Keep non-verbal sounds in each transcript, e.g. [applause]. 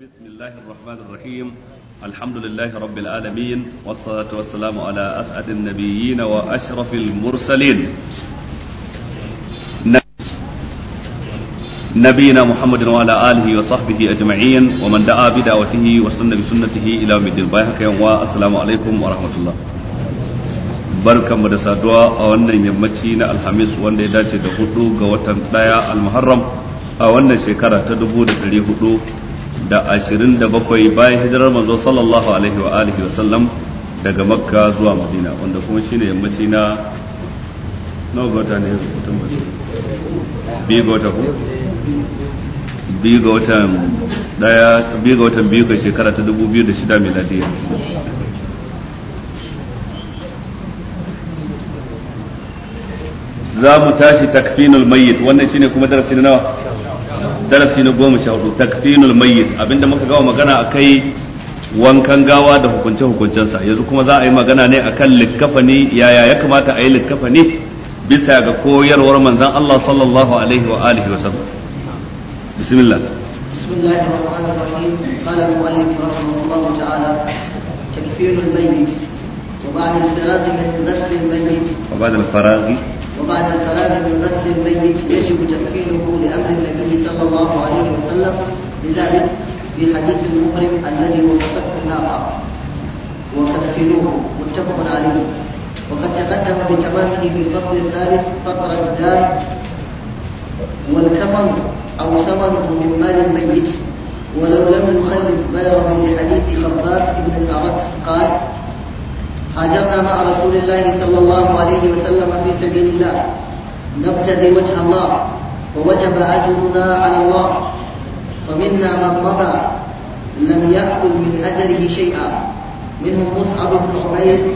بسم الله الرحمن الرحيم الحمد لله رب العالمين والصلاة والسلام على أسعد النبيين وأشرف المرسلين نبينا محمد وعلى آله وصحبه أجمعين ومن دعا بدعوته واستنى بسنته إلى يوم الدين والسلام عليكم ورحمة الله barkan mu da saduwa a wannan yammaci na alhamis wanda ya dace da hudu ga watan daya almuharram a wannan shekara ta dubu da dari hudu da ashirin da bakwai bayan hijirar manzo sallallahu alaihi wa alihi wa sallam daga makka zuwa madina wanda kuma shine yammaci na nawa ga wata ne biyu ga wata ko biyu ga watan daya biyu ga watan biyu ga shekara ta dubu biyu da shida miladiya za mu tashi takfinul mayyit wannan shine kuma darasi na nawa darasi na goma sha hudu takfinul mayyit abinda muka gawa magana akai wankan gawa da hukunce hukuncensa yanzu kuma za a yi magana ne akan likkafani yaya ya kamata a yi likkafani bisa ga koyarwar manzan Allah sallallahu alaihi wa alihi wa sallam bismillah بسم الله الرحمن الرحيم قال المؤلف رحمه الله تعالى تكفير الميت وبعد الفراغ من غسل الميت وبعد الفراغ وبعد الفراغ من غسل الميت يجب تكفيره لأمر النبي صلى الله عليه وسلم لذلك في حديث المحرم الذي هو وصفه الناقة وكفلوه متفق عليه وقد تقدم بتمامه في الفصل الثالث فقرة الدار والكفن أو ثمنه من مال الميت ولو لم يخلف غيره في حديث خباب بن الأرت قال هاجرنا مع رسول الله صلى الله عليه وسلم في سبيل الله نبتغي وجه الله ووجب أجرنا على الله فمنا من مضى لم يأكل من أجره شيئا منهم مصعب بن عمير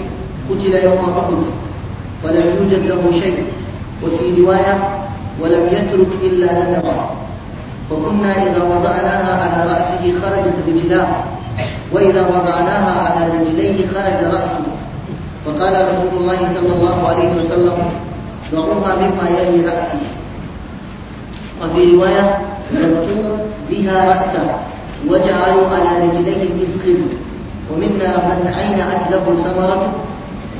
قتل يوم أحد فلم يوجد له شيء وفي رواية ولم يترك إلا لنا فكنا إذا وضعناها على رأسه خرجت رجلاه وإذا وضعناها على رجليه خرج رأسه فقال رسول الله صلى الله عليه وسلم ضعوها مما يلي رأسي وفي رواية غطوا بها رأسه وجعلوا على رجليه الإذخر ومنا من عينت له ثمرة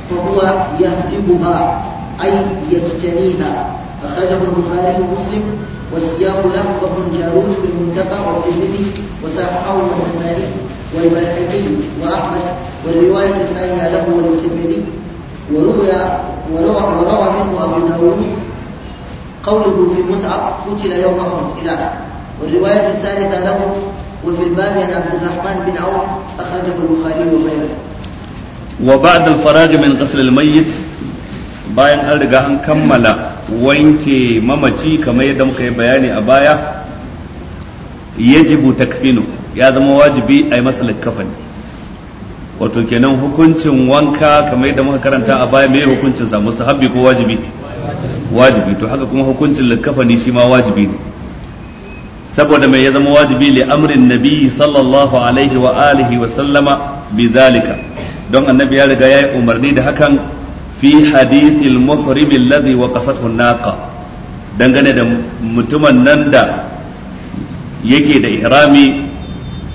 فهو يهدبها أي يجتنيها أخرجه البخاري ومسلم والسياق له وابن جارود في المنتقى والترمذي وصححه النسائي والبيهقي وأحمد والرواية الثانية له وللترمذي وروي وروى وروى منه أبو داود قوله في مصعب قتل يوم أحد إلى والرواية الثالثة له وفي الباب عن عبد الرحمن بن عوف أخرجه البخاري وغيره وبعد الفراج من غسل الميت bayan an riga an kammala wanke mamaci kamar yadda muka yi bayani a baya yajibu takfinu ya zama wajibi a yi masa likafani wato kenan hukuncin wanka kamar yadda muka karanta a baya mai hukuncin sa mustahabbi ko wajibi wajibi to haka kuma hukuncin likafani shi ma wajibi ne saboda mai ya zama wajibi li amrin nabi sallallahu alaihi wa alihi wa sallama bidhalika don annabi ya riga yayi umarni da hakan fi hadithil muhrim alladhi waqasathu naqa dangane da mutumin nan da yake da ihrami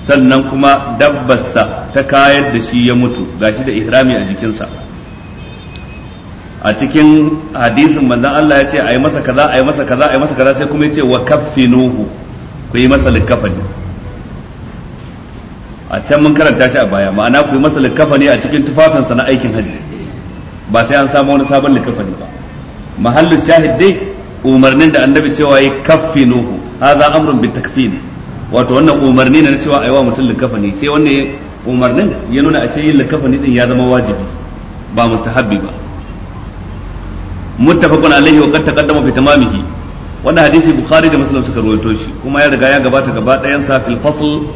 sannan kuma dabbarsa ta kayar da shi ya mutu gashi da ihrami a jikinsa a cikin hadisin manzon Allah ya ce a yi masa kaza a yi masa kaza a yi masa kaza sai kuma ya ce wa kaffinuhu ku yi masa likafani a can mun karanta shi a baya ma'ana ku yi masa likafani a cikin tufafinsa na aikin haji ba sai an samu wani sabon likafani ba mahallin shahid dai umarnin da annabi cewa yi kaffinuhu haza amrun bi takfini wato wannan umarni ne na cewa wa mutum likafani sai wannan umarnin ya nuna a yin likafani din ya zama wajibi ba mustahabbi ba muttafaqun alaihi wa qad taqaddama fi tamamihi wannan hadisi bukhari da muslim suka rawaito shi kuma ya riga ya gabata gaba ɗayan sa fil fasl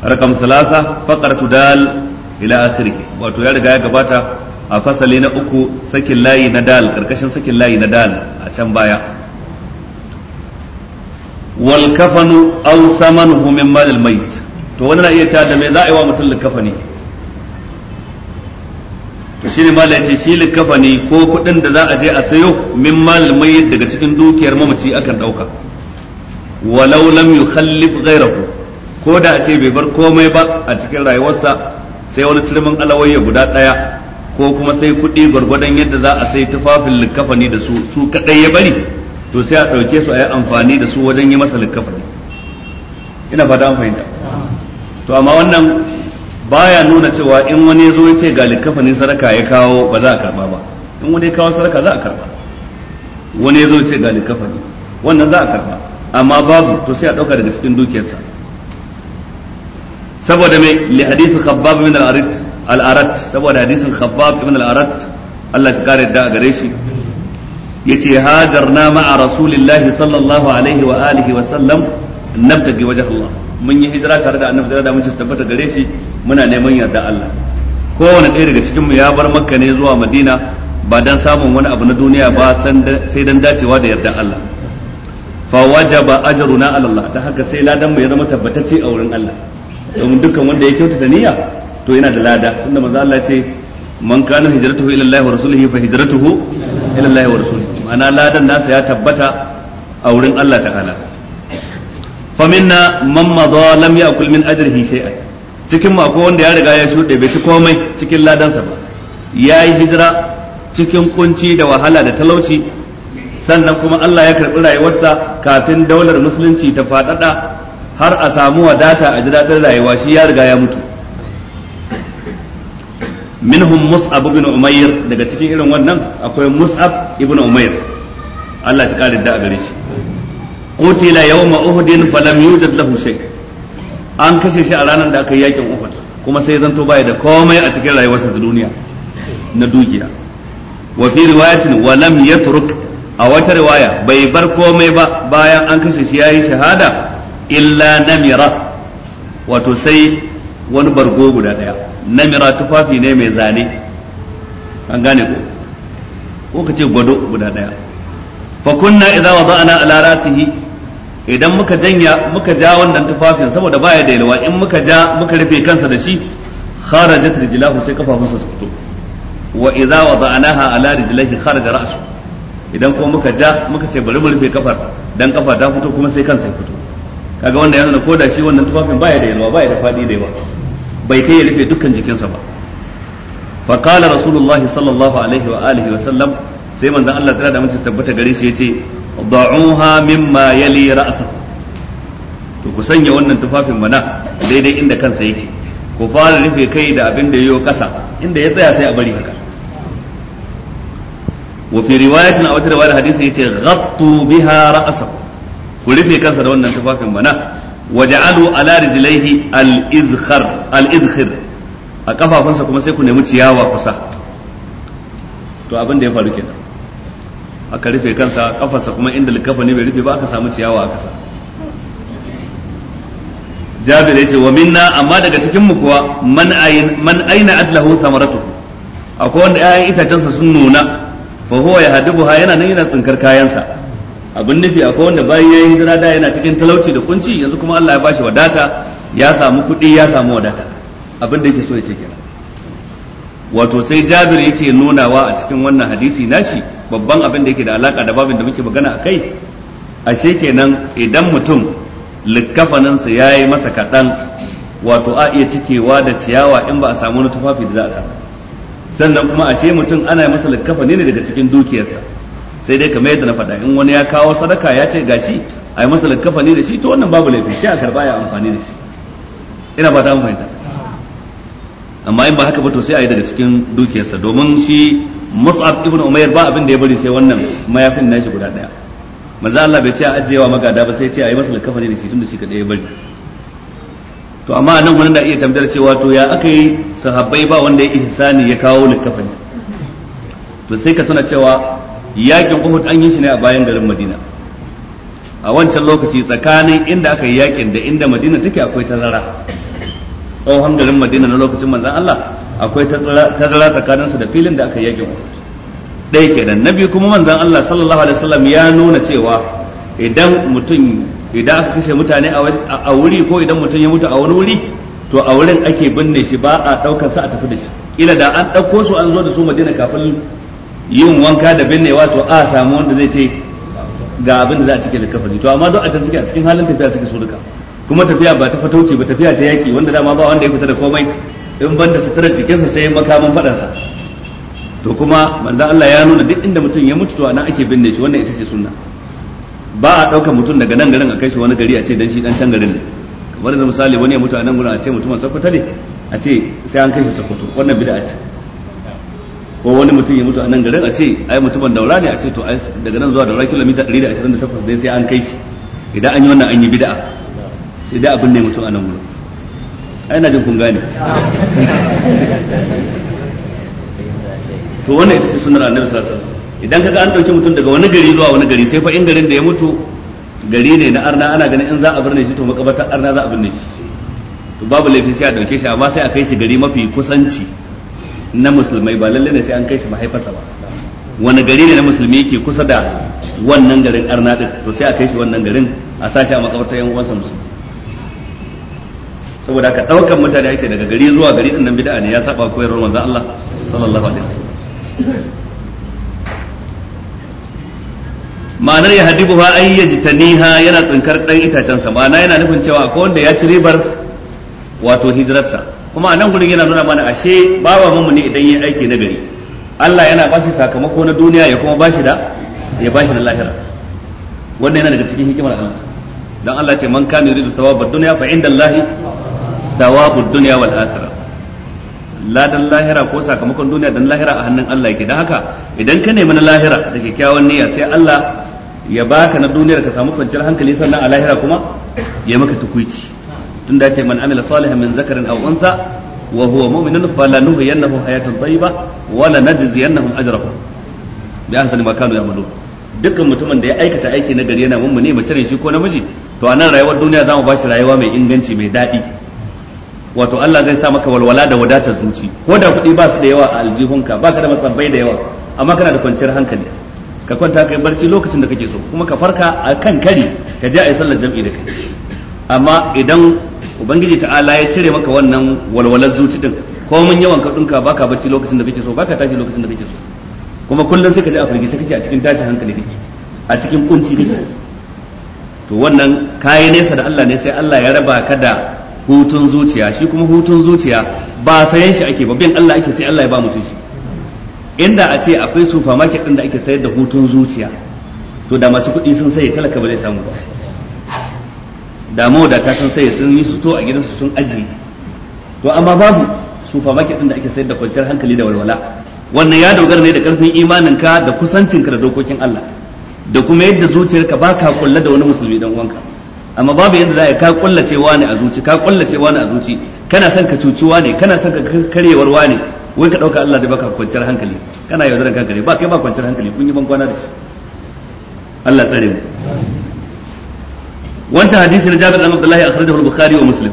rakam thalatha faqratu dal ila akhirih wato ya riga ya gabata a fasali na uku sakin layi na dal karkashin sakin layi na dal a can baya wal kafanu aw thamanuhu min mal to wani na iya ta da me za a yi wa mutum likafani to shine ya ce shi likafani ko kuɗin da za a je a sayo min mal al daga cikin dukiyar mamaci akan ɗauka. walau lam yukhallif ghayrahu ko da a ce bai bar komai ba a cikin rayuwarsa sai wani turmin alawayya guda ɗaya, ko kuma sai kuɗi gwargwadon yadda za a sai tufafin likafani da su su kaɗai ya bari to sai a ɗauke su a yi amfani da su wajen yi masa likafani ina fata an fahimta to amma wannan baya nuna cewa in wani ya zo ya ce ga likafanin sadaka ya kawo ba za a karba ba in wani ya kawo sadaka za a karba wani ya zo ya ce ga likafani wannan za a karba amma babu to sai a ɗauka daga cikin dukiyarsa saboda mai li hadithin khabbab min al-arat saboda hadisin khabbab min al-arat Allah shi kare da a gare shi yace hajarna ma'a rasulillahi sallallahu alaihi wa alihi wa sallam nabtagi wajh Allah mun yi hijira tare da annabi da mun tabbata gare shi muna neman yarda Allah kowane ɗaya daga cikin mu ya bar makka ne zuwa madina ba dan samun wani abu na duniya ba sai dan dacewa da yarda Allah fa wajaba ajruna ala Allah ta haka sai ladan mu ya zama tabbatacce a wurin Allah domin dukkan wanda ya kyautata niyya to yana da lada tunda manzo Allah ce man kana hijratuhu ila Allah wa rasulihi fa hijratuhu ila Allah wa rasulihi ma'ana ladan nasa ya tabbata a wurin Allah ta'ala fa minna man madha lam ya'kul min ajrihi shay'an cikin mu akwai wanda ya riga ya shuɗe bai ci komai cikin ladansa ba yayi hijira cikin kunci da wahala da talauci sannan kuma Allah ya karɓi rayuwarsa kafin daular musulunci ta faɗaɗa har a samu wadata a jira rayuwa shi ya riga ya mutu minhum mus'ab ibn umayr daga cikin irin wannan akwai mus'ab ibn umayr Allah shi kare da gare shi qutila yawma uhud falam yujad lahu shay an kashe shi a ranar da aka yi yakin uhud kuma sai zanto baya da komai a cikin rayuwarsa ta duniya na dukiya wa fi riwayatin wa lam yatruk a wata riwaya bai bar komai ba bayan an kashe shi yayi shahada illa namira wato sai wani bargo guda daya namira tufafi ne mai zane an gane ko ko ka ce gwado guda daya fa kunna idza wada'na ala rasihi idan muka janya muka ja wannan tufafin saboda baya da yalwa in muka ja muka rufe kansa da shi kharajat rijlahu sai kafafunsa su fito wa idza wada'naha ala rijlihi kharaja ra'su idan kuma muka ja muka ce bari mu rufe kafar dan kafa ta fito kuma sai kansa ya fito kaga wanda yana ko da shi wannan tufafin baya da yalwa baya da fadi da yawa bai kai ya rufe dukkan jikinsa ba fa qala rasulullahi sallallahu alaihi wa alihi wa sallam sai manzon Allah tsira da mutunta tabbata gare shi yace da'uha mimma yali ra'sa to ku sanya wannan tufafin mana daidai inda kansa yake ku fara rufe kai da abin da yayo kasa inda ya tsaya sai a bari haka wa fi riwayatin a wata yace ghattu biha ku rufe kansa da wannan tufafin mana waja'alu ala rijlaihi al-izkhar al-izkhir a kafafunsa kuma sai ku nemi ciyawa kusa to abin da ya faru kenan aka rufe kansa kafarsa kuma inda likafa ne bai rufe ba aka samu ciyawa a kasa jabir yace wa minna amma daga cikin mu kuwa man ayin man aina adlahu thamaratuhu akwai wanda 'ya'yan itacensa sun nuna fa huwa ha yana nan yana tsinkar kayansa abin nufi akwai wanda bayan ya yi hijira da yana cikin talauci da kunci yanzu kuma Allah ya bashi wadata ya samu kuɗi ya samu wadata abin da yake so ya ce kenan wato sai Jabir yake nunawa a cikin wannan hadisi nashi babban abin da yake da alaka da babin da muke magana akai ashe kenan idan mutum likkafaninsa ya yi masa kaɗan wato a iya cikewa da ciyawa in ba a samu wani tufafi da za a samu sannan kuma ashe mutum ana yi masa likkafa ne daga cikin dukiyarsa sai dai kamar yadda na faɗa in wani ya kawo sadaka ya ce gashi a yi masalar kafani da shi to wannan babu laifi sai a karba ya amfani da shi ina fata amfani fahimta amma in ba haka ba to sai a yi daga cikin dukiyarsa domin shi Mus'ab ibn umayr ba abin da ya bari sai wannan mayafin nashi guda daya manzo Allah bai ce a ajiyewa magada ba sai ce a yi masalar kafani da shi tunda shi kadai ya bari to amma nan wani da iya tambayar cewa to ya aka yi sahabbai ba wanda ya ihsani ya kawo likafani to sai ka tuna cewa yakin Uhud an yi shi ne a bayan garin Madina a wancan lokaci tsakanin inda aka yi yakin da inda Madina take akwai tazara tsohon garin Madina na lokacin manzan Allah akwai tazara tsakaninsu da filin da aka yi yakin Uhud ɗaya kenan na biyu kuma manzan Allah sallallahu alaihi wasallam ya nuna cewa idan mutum idan aka kashe mutane a wuri ko idan mutum ya mutu a wani wuri to a wurin ake binne shi ba a ɗaukar sa a tafi da shi ila da an ɗauko su an zo da su Madina kafin yin wanka da binnewa wato a samu wanda zai ce ga abin da za a cike kafari to amma duk a can cikin cikin halin tafiya suke so duka kuma tafiya ba ta fatauci ba tafiya ta yaki wanda dama ba wanda ya fita da komai in banda sutura jikinsa sai makaman fadansa to kuma manzo Allah ya nuna duk inda mutum ya mutu to anan ake binne shi wannan ita ce sunna ba a ɗaukar mutum daga nan garin a kai shi wani gari a ce dan shi dan can garin ne kamar da misali wani ya mutu a nan gurin a ce mutumin a ne a ce sai an kai shi sakkwato wannan bid'a ce ko wani mutum ya mutu a nan garin a ce ai mutumin daura ne a ce to daga nan zuwa daura kilomita 128 dai sai an kai shi idan an yi wannan an yi bid'a sai dai abin ne mutum a nan gurin ai na jin kun gane to wannan ita ce sunnar annabi sallallahu alaihi wasallam idan kaga an dauki mutum daga wani gari zuwa wani gari sai fa in garin da ya mutu gari ne na arna ana ganin in za a birne shi to makabatar arna za a birne shi to babu laifin sai a dauke shi amma sai a kai shi gari mafi kusanci na musulmai ba lalle ne sai an kai shi mahaifarsa ba wani gari ne na musulmi ke kusa da wannan garin arna din to sai a kai shi wannan garin a sashi a makabarta yan uwansa musulmi saboda ka daukan mutane ake daga gari zuwa gari din nan bid'a ne ya saba koyarwar manzon Allah sallallahu alaihi wasallam ma'anar ya hadibu ha ai ya jitaniha yana tsinkar dan itacen sa ma'ana yana nufin cewa akwai wanda ya ci ribar wato hijirarsa kuma a nan gurin yana nuna mana ashe bawa mu ne idan yin aiki na gari Allah yana ba shi sakamako na duniya ya kuma ba shi da ya ba shi da lahira wannan yana daga cikin hikimar Allah dan Allah ce man kana yuridu thawabad dunya fa inda Allah thawabud dunya wal akhirah dan lahira ko sakamakon duniya dan lahira a hannun Allah yake dan haka idan ka nemi na lahira da kyakkyawan niyya sai Allah ya baka na duniyar ka samu kwanciyar hankali sannan a lahira kuma ya maka tukuici tun da ce man amila salihan min zakarin aw unsa wa huwa mu'minun falanuhyiyannahu hayatan tayyiba wa lanajziyannahum ajrahum bi ahsani ma kanu ya'malun dukkan mutumin da ya aikata aiki na gari yana mummune mace ne shi ko namiji to a nan rayuwar duniya za mu ba rayuwa mai inganci mai daɗi wato Allah zai sa maka walwala da wadatar zuci ko da kuɗi ba su da yawa a aljihunka ba ka da masabbai da yawa amma kana da kwanciyar hankali ka kwanta yi barci lokacin da kake so kuma ka farka a kan kari ka je a yi sallar jam'i da kai amma idan ubangiji ta'ala ya cire maka wannan walwalar zuci din ko mun yawan ka dinka baka bacci lokacin da kake so baka tashi lokacin da kake so kuma kullum sai ka ji a firgice kake a cikin tashin hankali kake a cikin kunci kake to wannan kayi nesa da Allah ne sai Allah ya raba ka da hutun zuciya shi kuma hutun zuciya ba sayan shi ake ba bin Allah ake sai Allah ya ba mutum shi inda a ce akwai supermarket din da ake sayar da hutun zuciya to da masu kuɗi sun sai talaka ba zai samu ba da ta sun sai sun yi su to a gidansu sun ajiye to amma babu supermarket din da ake sayar da kwanciyar hankali da walwala wannan ya dogara ne da karfin imaninka da kusancinka da dokokin Allah da kuma yadda zuciyarka ba ka kulla da wani musulmi dan uwanka amma babu yadda za ka kullace wani a zuci ka kullace wani a zuci kana son ka cuci ne kana son ka karyewar wani wai ka dauka Allah da baka kwanciyar hankali kana yaudaran kanka ne ba kai ba kwanciyar hankali kun yi ban kwana da shi Allah tsare mu wancan hadisi na Jabir bin Abdullah akhrajahu al-Bukhari wa Muslim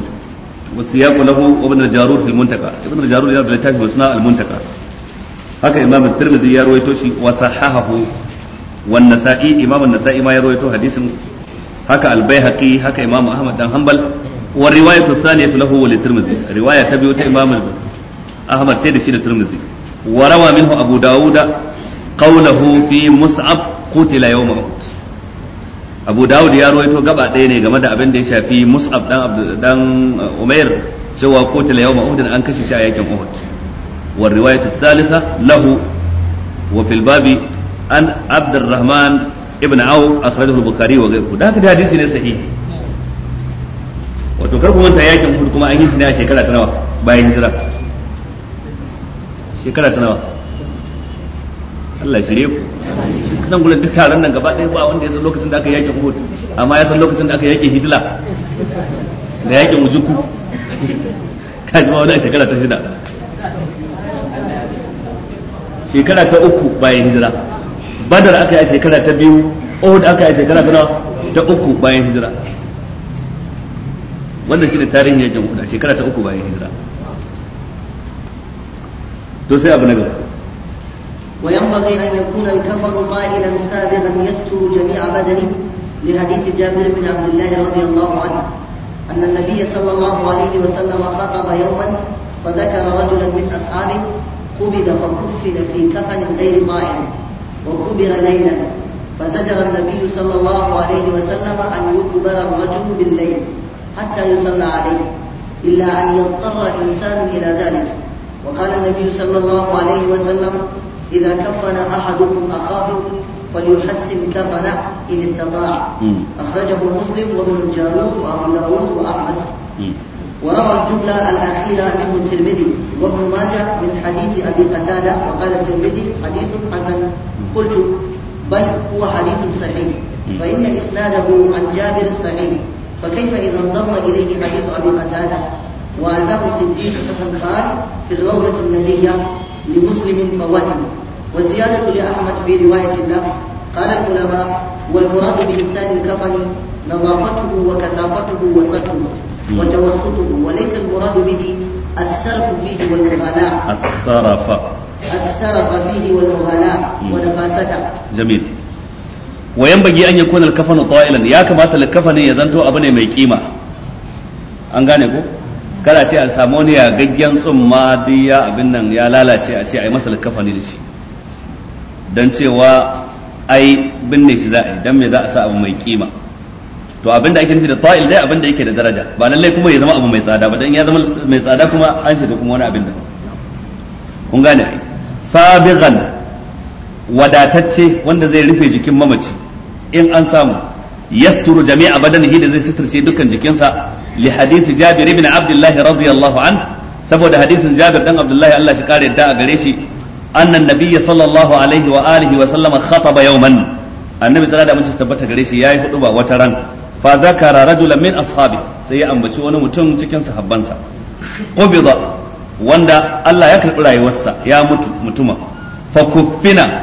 wa siyaqu lahu ibn al-Jarur fil Muntaka ibn al-Jarur yana da littafi mai suna haka Imam Tirmidhi ya rawaito shi wa sahahahu wa Nasa'i Imam An-Nasa'i ma ya rawaito hadisin haka al-Baihaqi haka Imam Ahmad dan Hanbal wa riwayatu thaniyatu lahu wa li-Tirmidhi riwaya Ahmad da shi da wa Abu Dawud abu dawud ya rawaito gaba ɗaya ne game da abin da ya shafi mus'ab dan dan uh, umair cewa qutila yawma uhud an kashe shi a yakin uhud wa riwayatu thalitha lahu wa fil babi an abdurrahman ibn aw akhrajahu al-bukhari wa ghayruhu da haka hadisi ne sahihi wato kar ku manta yakin uhud kuma an yi shi ne a shekara ta nawa bayan hijira shekara ta nawa Allah shirye ku nan gurin duk taron nan gaba ɗaya ba wanda ya san lokacin da aka yake Uhud amma ya san lokacin da aka yake Hitler da yakin wujuku [laughs] kaji ma wani shekara ta shida shekara ta uku bayan hijira badar aka yi shekara ta biyu uhud aka yi shekara ta ta uku bayan hijira wannan shine tarihin yakin uhud shekara ta uku bayan hijira to sai abu na gaba وينبغي أن يكون الكفر قائلا سابغا يستر جميع بدنه لحديث جابر بن عبد الله رضي الله عنه أن النبي صلى الله عليه وسلم خطب يوما فذكر رجلا من أصحابه قبض فكفن في كفن غير طائل وكبر ليلا فزجر النبي صلى الله عليه وسلم أن يكبر الرجل بالليل حتى يصلى عليه إلا أن يضطر إنسان إلى ذلك وقال النبي صلى الله عليه وسلم إذا كفن أحدكم أخاه فليحسن كفنه إن استطاع أخرجه مسلم وابن الجارود وأبو داود وأحمد وروى الجملة الأخيرة منه الترمذي وابن ماجه من حديث أبي قتادة وقال الترمذي حديث حسن قلت بل هو حديث صحيح فإن إسناده عن جابر صحيح فكيف إذا انضم إليه حديث أبي قتادة وأزاه سجين حسن خان في الروضة الندية لمسلم فوهم والزيادة لأحمد في رواية له قال العلماء والمراد بإنسان الكفن نظافته وكثافته وسطه وتوسطه وليس المراد به السرف فيه والمغالاة السرف السرف فيه والمغالاة ونفاسته جميل وينبغي أن يكون الكفن طائلا يا كما الكفن يزنتو أبني ميكيما أنغاني كو kada ce a samu wani ya gaggen tsumma duk ya abin nan ya lalace a ce a yi masa likafani da shi don cewa ai binne shi za a yi don me za a sa abu mai kima to abin da ake nufi da ta'il dai abin da yake da daraja ba lallai kuma ya zama abu mai tsada ba dan ya zama mai tsada kuma an shiga kuma wani abin da kun gane ai sabighan wadatacce wanda zai rufe jikin mamaci in an samu yasturu jami'a badanihi da zai suturce dukkan jikinsa li hadith jabir ibn abdullah radiyallahu an saboda hadisin jabir dan abdullah Allah shi kare yadda a gare shi annan nabiyya sallallahu alaihi wa alihi wa sallama khataba yawman annabi tsara da mun tabbata gare shi yayi hudu ba wata ran fa zakara rajulan min ashabi sai ya ambaci wani mutum cikin sahabbansa qubida wanda Allah ya karbi rayuwarsa ya mutu mutuma fa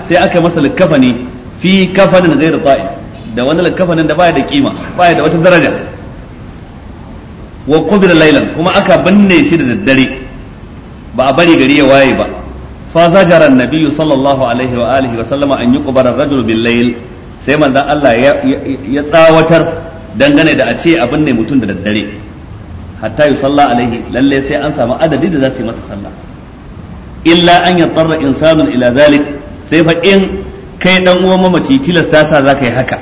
sai aka masa likafani fi kafanin ghairu da wani lakafanin da baya da kima baya da wata daraja wa qubida laylan kuma aka binne shi da daddare ba a bari gari ya waye ba فزجر النبي صلى الله عليه وآله وسلم أن يقبر الرجل بالليل sai manzan Allah ya tsawatar dangane da a ce abin ne mutum da daddare hatta yi sallah alaihi lalle sai an samu adadi da za su yi masa sallah illa an ya tsarra insanun ila zalik sai fa in kai dan uwan mamaci tilasta sa za ka yi haka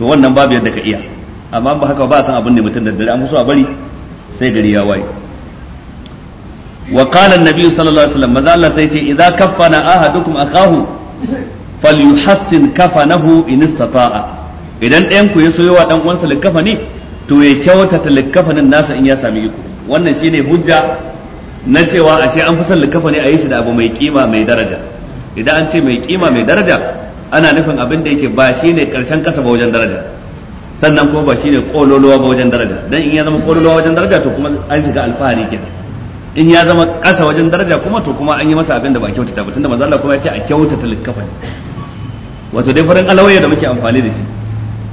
to wannan babu yadda ka iya amma ba haka ba a san abin ne mutum da daddare an so a bari sai gari ya waye wa qala nabi sallallahu maza Allah sai ce idza kaffana ahadukum akahu falyuhassin kafanahu in istata'a idan ɗayan ku ya so yawa dan uwansa likafani to ya kyautata likafanin nasa in ya sami iko wannan shine hujja na cewa ashe an fi son likafani a yi shi da abu mai kima mai daraja idan an ce mai kima mai daraja ana nufin abin da yake ba shine karshen kasa ba wajen daraja sannan kuma ba shine kololuwa ba wajen daraja dan in ya zama kololuwa wajen daraja to kuma an shiga alfahari kenan in ya zama ƙasa wajen daraja kuma to kuma an yi masa abin da ba kyautata ba tunda manzo Allah kuma ya ce a kyautata likafan wato dai farin alawaya da muke amfani da shi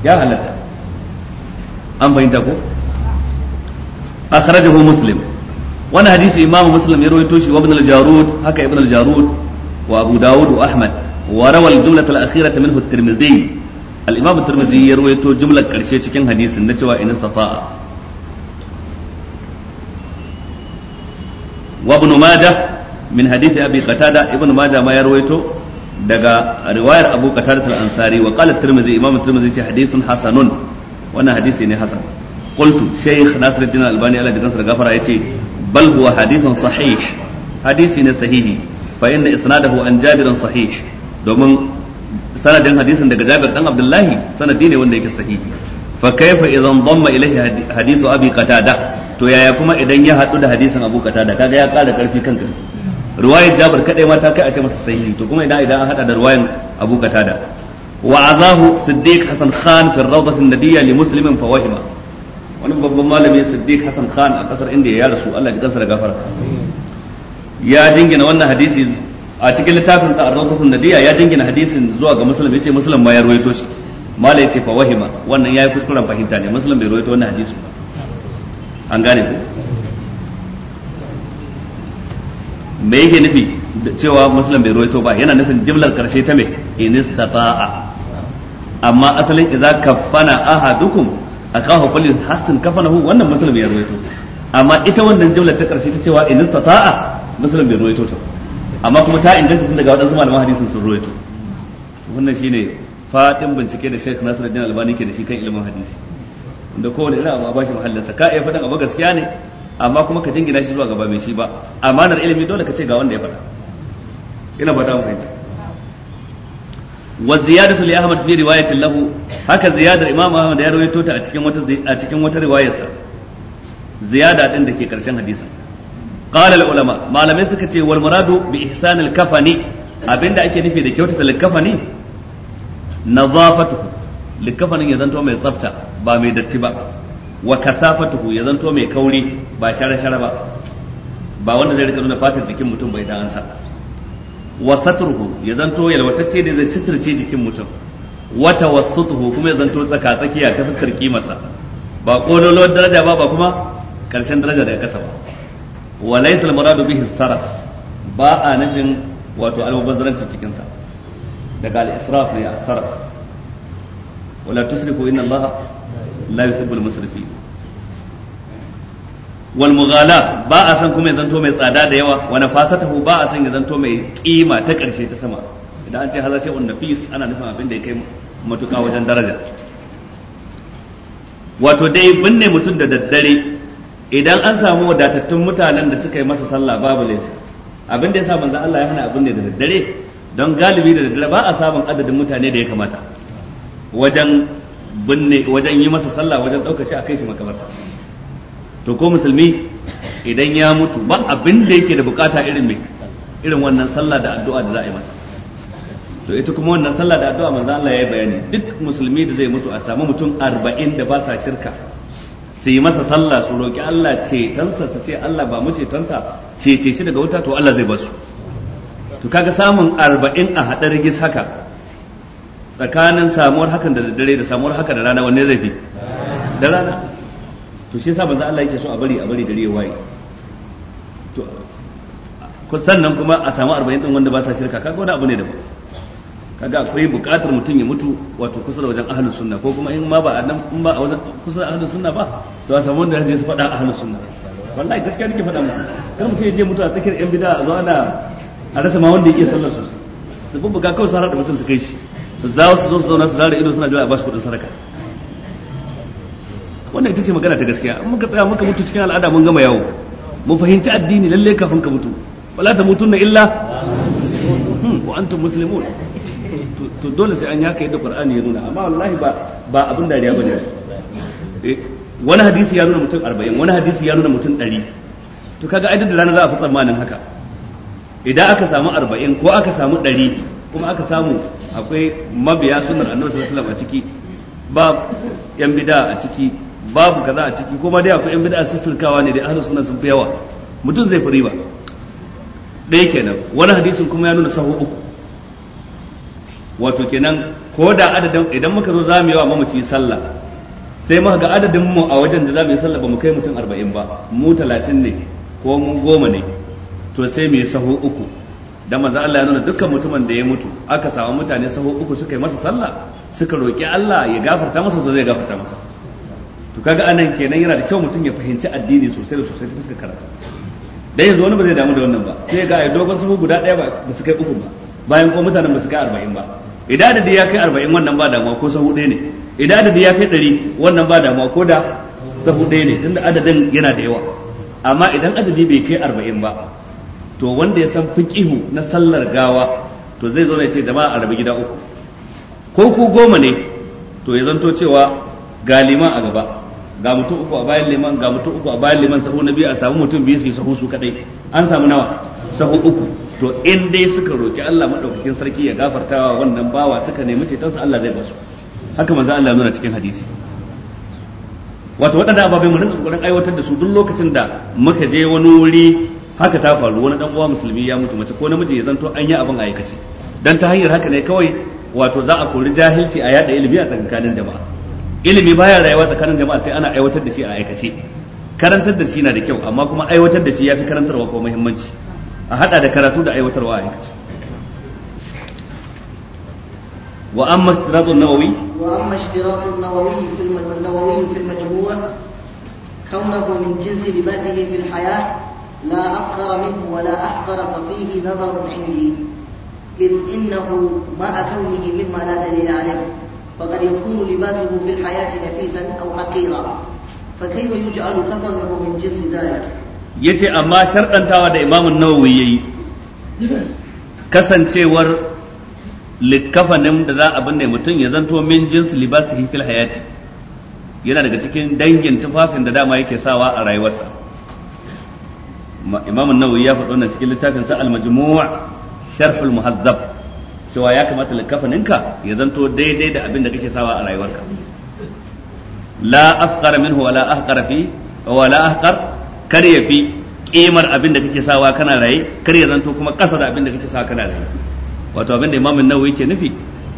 ya halatta an fahimta ko akhrajahu muslim wani hadisi imamu muslim ya rawaito shi wa ibn al-jarud haka ibn al-jarud wa abu daud wa ahmad wa rawa al-jumlah al-akhirah minhu at-tirmidhi al-imam at-tirmidhi ya rawaito jumlar karshe cikin hadisin na cewa in istata'a wa ibn majah min hadith abi qatada ibn majah ma ya rawaito daga riwayar abu qatada al-ansari wa qala tirmidhi imam tirmidhi ce hadithun hasanun wannan hadisi ne hasan qultu shaykh nasiruddin albani Allah jikansa da gafara yace bal huwa hadithun sahih hadisi ne sahihi fa inna isnadahu an jabirin sahih domin sanadin hadisin daga Jabir dan Abdullahi sanadi ne wanda yake sahihi fa kaifa idan dhamma ilayhi hadithu abi qatada to yaya kuma idan ya hadu da hadisin abu qatada kaga ya kara karfi kan karfi jabir kadai ma ta a ce masa sahihi to kuma idan an hada da riwayar abu qatada wa azahu siddiq hasan khan fi rawdat an-nabiyya li muslimin fa wahima wani babban malami siddiq hasan khan a kasar indiya ya rasu Allah ya kansa da gafara ya jingina wannan hadisi a cikin littafin sa ya jingina hadisin zuwa ga muslim ya ruwaito mala ce fa wahima wannan yi kuskuren fahimta ne musulun bai rawaito wannan hadisi ba an gane ku me yake nufi cewa musulun bai rawaito ba yana nufin jimlar karshe ta me in istata'a amma asalin idza kaffana ahadukum akahu falyuhassin kafanahu wannan musulun ya rawaito amma ita wannan jimlar ta karshe ta cewa in istata'a musulun bai rawaito ta amma kuma ta inganta tun daga wadansu malaman hadisin sun rawaito wannan shine fadin bincike da Sheikh Nasiruddin Albani ke da shi kan ilimin hadisi da kowane irin abu a bashi mahallinsa ka iya faɗin abu gaskiya ne amma kuma ka jingina shi zuwa gaba mai shi ba amanar ilimi dole ka ce ga wanda ya faɗa ina faɗa mu fahimta wa ziyadatu li ahmad fi riwayatin lahu haka ziyadar Imam ahmad ya rawaito ta a cikin wata a cikin wata riwayarsa ziyada din da ke karshen hadisin qala al ulama malamai suka ce wal muradu bi ihsan al kafani abinda ake nufi da kyautata al kafani nazafatuhu likafanin ya zanto mai tsafta ba mai datti ba wa kasafatuhu ya zanto mai kauri ba shara shara ba ba wanda zai rika nuna fatar jikin mutum bai da ansa wa satruhu ya zanto yalwatacce da zai sitirce jikin mutum wa tawassutuhu kuma ya zanto tsaka tsakiya ta fuskar kimarsa ba kololon daraja ba ba kuma karshen daraja daga kasa ba wa laysa al-muradu bihi as-sarf ba a nufin wato al-mubazzaranci cikin sa daga al ne a sarraf. wala tusrifu inna allaha la yuhibbul musrifin wal mughala ba a san kuma ya zanto mai tsada da yawa wa nafasatahu ba a san ya zanto mai kima ta karshe ta sama idan an ce haza shay'un nafis ana nufin abin da ya kai matuka wajen daraja wato dai binne mutum da daddare idan an samu wadatattun mutanen da suka yi masa sallah babu laifi abin da ya sa manzo Allah ya hana abin da daddare don galibi da daddare ba a samun adadin mutane da ya kamata wajen binne wajen yi masa sallah wajen ɗaukar shi a kai shi makabarta to ko musulmi idan ya mutu ba abin da yake da bukata irin mai irin wannan sallah da addu'a da za a yi masa to ita kuma wannan sallah da addu'a manzo Allah ya bayani duk musulmi da zai mutu a samu mutum 40 da ba sa shirka su yi masa sallah su roki Allah cetonsa su ce Allah ba mu cetonsa cece shi daga wuta to Allah zai ba su to kaga samun arba'in a haɗa rigis haka tsakanin samuwar hakan da dare da samuwar haka da rana wanne zai fi da rana to shi yasa manzo Allah yake so a bari a bari dare ya waye to sannan kuma a samu arba'in din wanda ba sa shirka kaga wani abu ne daban kaga akwai buƙatar mutum ya mutu wato kusa da wajen ahlus sunna ko kuma in ma ba nan in ba a wajen kusa da ahlus sunna ba to a samu wanda zai faɗa ahlus sunna wallahi gaskiya nake faɗa muku kar mutum ya je mutu a tsakiyar yan bid'a a zo ana a rasa ma wanda ya iya sallar sosai su bubbuga kawai su da mutum su kai shi su za su zo su zauna su zara ido suna jira a bashi kudin sadaka wannan ita ce magana ta gaskiya in muka tsaya muka mutu cikin al'ada mun gama yawo mu fahimci addini lalle kafin ka mutu wala ta na illa hmm, wa antum muslimun to dole sai an yi haka yadda qur'ani ya nuna amma wallahi ba ba abin dariya bane eh, wani hadisi ya nuna mutum 40 wani hadisi ya nuna mutum 100 to kaga ai da rana za a fi tsammanin haka idan aka samu arba'in ko aka samu ɗari kuma aka samu akwai mabiya sunan annabi sallallahu a ciki ba yan bida a ciki babu kaza a ciki kuma dai akwai yan bida sistirkawa ne da ahlus sunna sun fi yawa mutum zai fi ba. ɗaya kenan wani hadisin kuma ya nuna sahu uku wato kenan ko da adadin idan muka zo za mu yi wa mamaci sallah sai muka ga adadin mu a wajen da za mu yi sallah ba mu kai mutum arba'in ba mu talatin ne ko mu goma ne to sai mai saho uku da manzo Allah ya nuna dukkan mutumin da ya mutu aka samu mutane saho uku suka yi masa sallah suka roki Allah ya gafarta masa to zai gafarta masa to kaga anan kenan yana da kyau mutum ya fahimci addini sosai da sosai ta fuskar karatu dan yanzu wani ba zai damu da wannan ba sai ga ai dogon saho guda daya ba ba su kai uku ba bayan ko mutanen ba su kai arba'in ba idan adadi ya kai arba'in wannan ba damuwa ko saho ɗaya ne idan adadi ya kai ɗari wannan ba damuwa ko da saho ɗaya ne tunda adadin yana da yawa amma idan adadi bai kai arba'in ba to wanda ya san fiqihu na sallar gawa to zai zo ne ce jama'a a rabu gida uku ko ku goma ne to ya zanto cewa ga liman a gaba ga mutum uku a bayan liman ga mutum uku a bayan liman sahu na biyu a samu mutum biyu su yi sahu su kadai an samu nawa sahu uku to in dai suka roki Allah madaukakin sarki ya gafartawa wannan bawa suka nemi cetonsa Allah zai basu haka manzo Allah nuna cikin hadisi wato waɗanda ababai mun rinka kokarin aiwatar da su duk lokacin da muka je wani wuri haka ta faru wani dan uwa musulmi ya mutu mace ko namiji ya zanto an yi abin aikace dan ta hanyar haka ne kawai wato za a kori jahilci a yada ilimi a tsakanin jama'a ilimi baya rayuwa tsakanin jama'a sai ana aiwatar da shi a aikace karantar da shi na da kyau amma kuma aiwatar da shi yafi karantarwa ko muhimmanci a hada da karatu da aiwatarwa a aikace wa amma ishtiratu nawawi wa amma ishtiratu nawawi fil an-nawawi fil majmu' kaunahu min jinsi libasihi fil hayat لا أقهر منه ولا أحقر ففيه نظر عندي إذ إنه ما كونه مما لا دليل عليه فقد يكون لباسه في الحياة نفيسا أو حقيرا فكيف يجعل كفره من جنس ذلك يتي أما شرقا تعود إمام النووي كسن تيور likkafanin da za abin da mutum ya zanto min jins libasihi fil hayati yana daga cikin dangin tufafin da dama yake sawa a rayuwarsa imam an-nawawi ya faɗo cikin littafin sa al-majmu' sharh al muhaddab cewa ya kamata likafaninka ya zanto daidai da abin da kake sawa a rayuwarka la afqara minhu wa la ahqara fi wa la ahqar kar ya fi kimar abin da kake sawa kana raye kar ya zanto kuma kasa da abin da kake sawa kana raye wato abin da imam an-nawawi yake nufi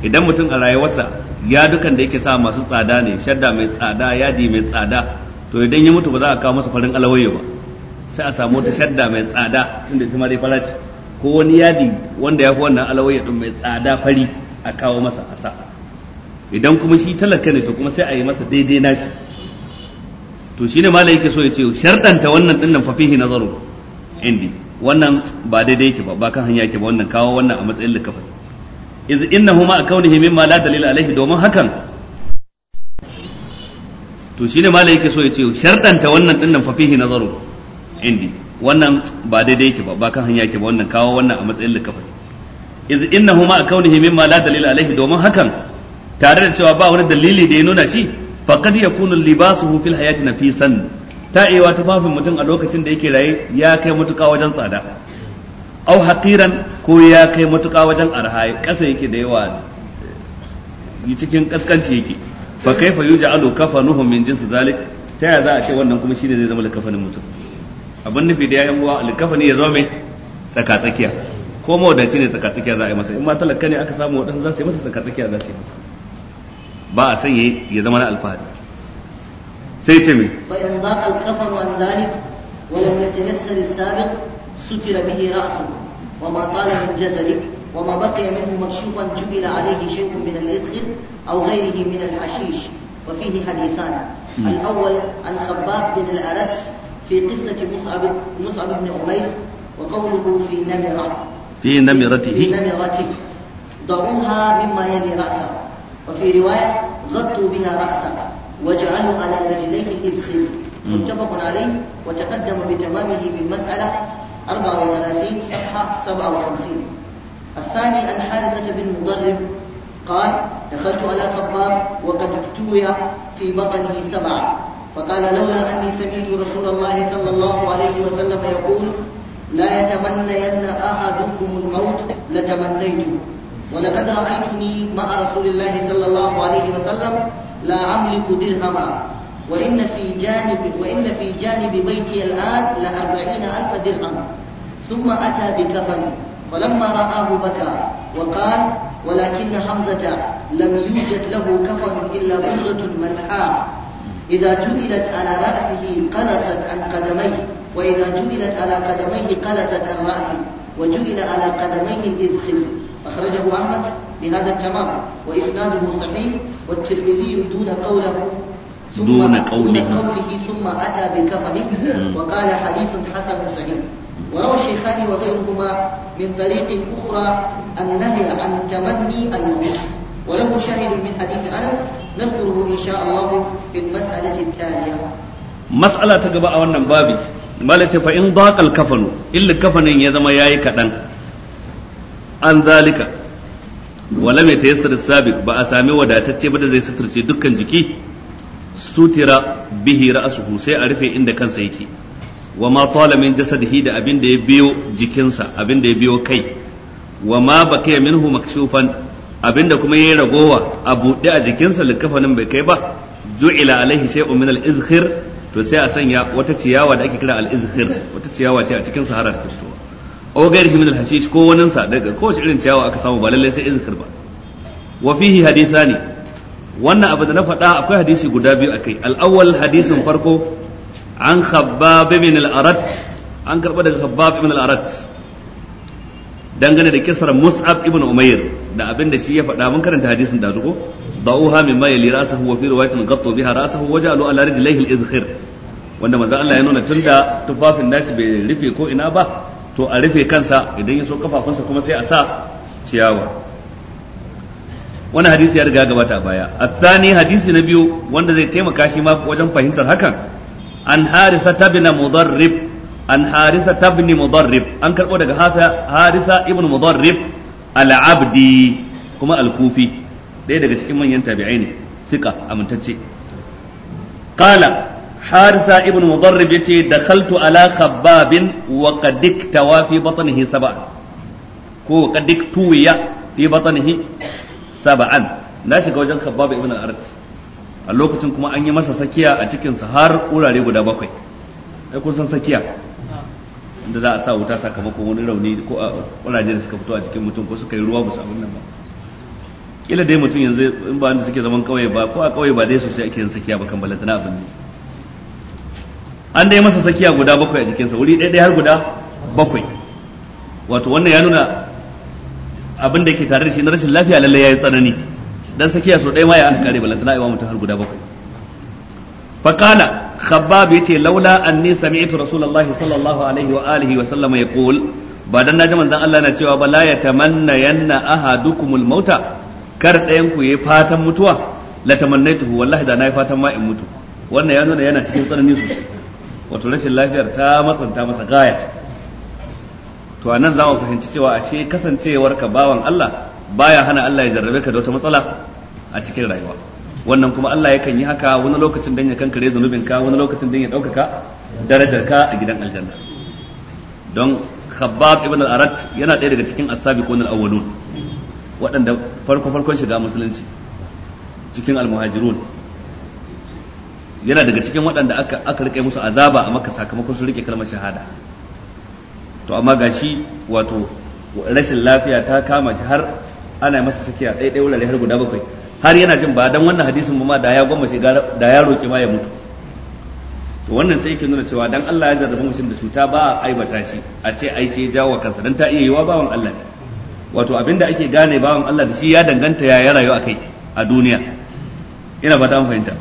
idan mutum a rayuwarsa ya dukan da yake sawa masu tsada ne shadda mai tsada yadi mai tsada to idan ya mutu ba za a kawo masa farin alawaye ba sai a samu wata shadda mai tsada inda ita ma dai ko wani yadi wanda ya fi wannan alawai din mai tsada fari a kawo masa a sa idan kuma shi talaka ne to kuma sai a yi masa daidai nashi to shine malai yake so ya ce shardanta wannan dinnan fa fihi nazaru indi wannan ba daidai yake ba ba kan hanya yake ba wannan kawo wannan a matsayin likafa iz innahuma akawnihi mimma la dalil alaihi domin hakan to shine malai yake so ya ce shardanta wannan dinnan fa fihi nazaru indi wannan ba daidai yake ba ba kan hanya yake ba wannan kawo wannan a matsayin likafi iz innahu ma kaunihi mimma la dalil alaihi domin hakan tare da cewa ba wani dalili da ya nuna shi faqad yakunu libasuhu fil hayati nafisan ta'iwa tufafin mutum a lokacin da yake raye ya kai mutuka wajen tsada au haqiran ko ya kai mutuka wajen arha kasa yake da yawa yi cikin kaskanci yake fa kaifa yuj'alu kafanuhu min jinsi zalik ta ya za a ce wannan kuma shine zai zama likafanin mutum abin nufi da yayan uwa ne ya zo mai tsakatsakiya ko mawadaci ne tsakatsakiya za a yi masa in ma talaka ne aka samu waɗansu za su yi masa tsakatsakiya za su yi masa ba a sanya ya zama na alfahari sai ce mai fa in ba alkafan an zalik wa lam yatayassar as-sabiq sutira bihi ra'su wa ma tala min jazalik wa ma baqiya minhu makshuban jubila alayhi shay'un min al-ithqil aw ghayrihi min al-hashish وفيه حديثان الأول عن خباب بن الأرت في قصة مصعب مصعب بن عمير وقوله في نمرة في نمرته في نمرته ضعوها مما يلي رأسه وفي رواية غطوا بها رأسه وجعلوا على رجليه الإذخر متفق عليه وتقدم بتمامه في المسألة 34 صفحة 57 الثاني الحارثة حارثة بن مضرب قال دخلت على خباب وقد ابتوي في بطنه سبعة فقال لولا أني سمعت رسول الله صلى الله عليه وسلم يقول لا يتمنين أحدكم الموت لتمنيت ولقد رأيتني مع رسول الله صلى الله عليه وسلم لا أملك درهما وإن في جانب وإن في جانب بيتي الآن لأربعين ألف درهم ثم أتى بكفن فلما رآه بكى وقال ولكن حمزة لم يوجد له كفن إلا بذرة ملحاء إذا جُدِلت على رأسه قلصت عن قدميه وإذا جُدِلت على قدميه قلصت عن رأسه وجُدِل على قدميه الإذخر أخرجه أحمد بهذا التمام وإسناده صحيح والترمذي دون قوله ثم دون قوله, دون قوله ثم أتى بكفنه وقال حديث حسن صحيح وروى الشيخان وغيرهما من طريق أخرى النهي عن تمني الموت وله شاهد من حديث أنس نذكره إن شاء الله في المسألة التالية مسألة تقبأ أولا بابي malata fa in daqal kafanu illa kafanin ya zama yayi kadan an zalika wala mai tayassar sabiq ba a sami wadatacce ba da zai suturce dukkan jiki sutira bihi ra'suhu sai a rufe inda kansa yake wa ma tala min jasadihi da abin da ya biyo jikinsa abin da ya biyo kai wa ma baqiya minhu makshufan abinda kuma yayi ragowa a buɗe a jikinsa likafanin bai kai ba ju'ila alaihi shay'un min al-izkhir to sai a sanya wata ciyawa da ake kira al-izkhir wata ciyawa ce a cikin sahara ta fitowa aw ghairihi min al-hashish ko wannan sa daga kowace irin ciyawa aka samu ba lalle sai izkhir ba wa fihi hadithani wannan abu da na faɗa akwai hadisi guda biyu akai al-awwal hadisin farko an khabbab ibn al-arat an karba daga khabbab ibn al-arat dangane da kisar mus'ab ibn umair da abin da shi ya faɗa mun karanta hadisin da zuko da'uha mimma yali rasahu wa fi riwayatin ghattu biha rasahu wa ja'alu ala rijlihi al-izkhir wanda manzo Allah ya nuna tunda tufafin nashi bai rufe ko ina ba to a rufe kansa idan ya so kafafunsa kuma sai a sa ciyawa wani hadisi ya riga gabata baya a athani hadisi na biyu wanda zai taimaka shi ma wajen fahimtar hakan an harisa tabna mudarrib an harisa tabni mudarrib an karbo daga harisa ibn mudarrib al-abdi kuma alkufi daya ɗaya daga cikin manyan tabi'ai ne thiqa amintacce qala haritha ibn mudarrib da kaltu ala khababin wa qad tawa fi batnihi saba'an, ko qad tuwiya fi batnihi saba'an. na shiga wajen khabbab ibn al a lokacin kuma an yi masa sakiya a cikin sa har urare guda bakwai ai kun san sakiya inda za a sa wuta sakamakon wani rauni ko a kuraje da suka fito a cikin mutum ko suka yi ruwa musu abin nan ba kila dai mutum yanzu in ba wanda suke zaman kauye ba ko a kauye ba dai sosai ake yin sakiya ba kan balantana abin ne an dai masa sakiya guda bakwai a jikinsa wuri ɗaya har guda bakwai wato wannan ya nuna abin da yake tare da shi na rashin lafiya lallai ya yi tsanani dan sakiya so ɗaya ma ya an kare balantana na yi wa mutum har guda bakwai faqala khabbab yace laula anni sami'tu rasulullahi sallallahu alaihi dan naji manzon na cewa ba la yatamanna yanna kar ɗayan ku yayi fatan mutuwa la wannan ya nuna yana cikin tsananin su wato rashin lafiyar ta matsanta masa gaya to anan za mu fahimci cewa ashe kasancewar ka bawan Allah baya hana Allah ya jarrabe ka da wata matsala a cikin rayuwa wannan kuma Allah yakan yi haka wani lokacin dan ya kankare zanubin ka wani lokacin dan ya daukaka darajar ka a gidan aljanna don khabbab ibn al-arat yana ɗaya daga cikin as-sabiqun al-awwalun waɗanda farko farkon shiga musulunci cikin al-muhajirun yana daga cikin waɗanda aka aka rike musu azaba a maka sakamakon sun rike kalmar shahada to amma gashi wato rashin lafiya ta kama shi har ana masa sakiya ɗaya ɗaya wurare har guda bakwai har yana jin ba dan wannan hadisin ma da ya goma shi da ya roki ma ya mutu to wannan sai yake nuna cewa dan Allah ya jarrabi mutum da cuta ba a aibata shi a ce ai sai ya jawo kansa dan ta iya yiwa bawan Allah ne wato abinda ake gane bawan Allah da shi ya danganta ya rayu a kai a duniya ina ba ta fahimta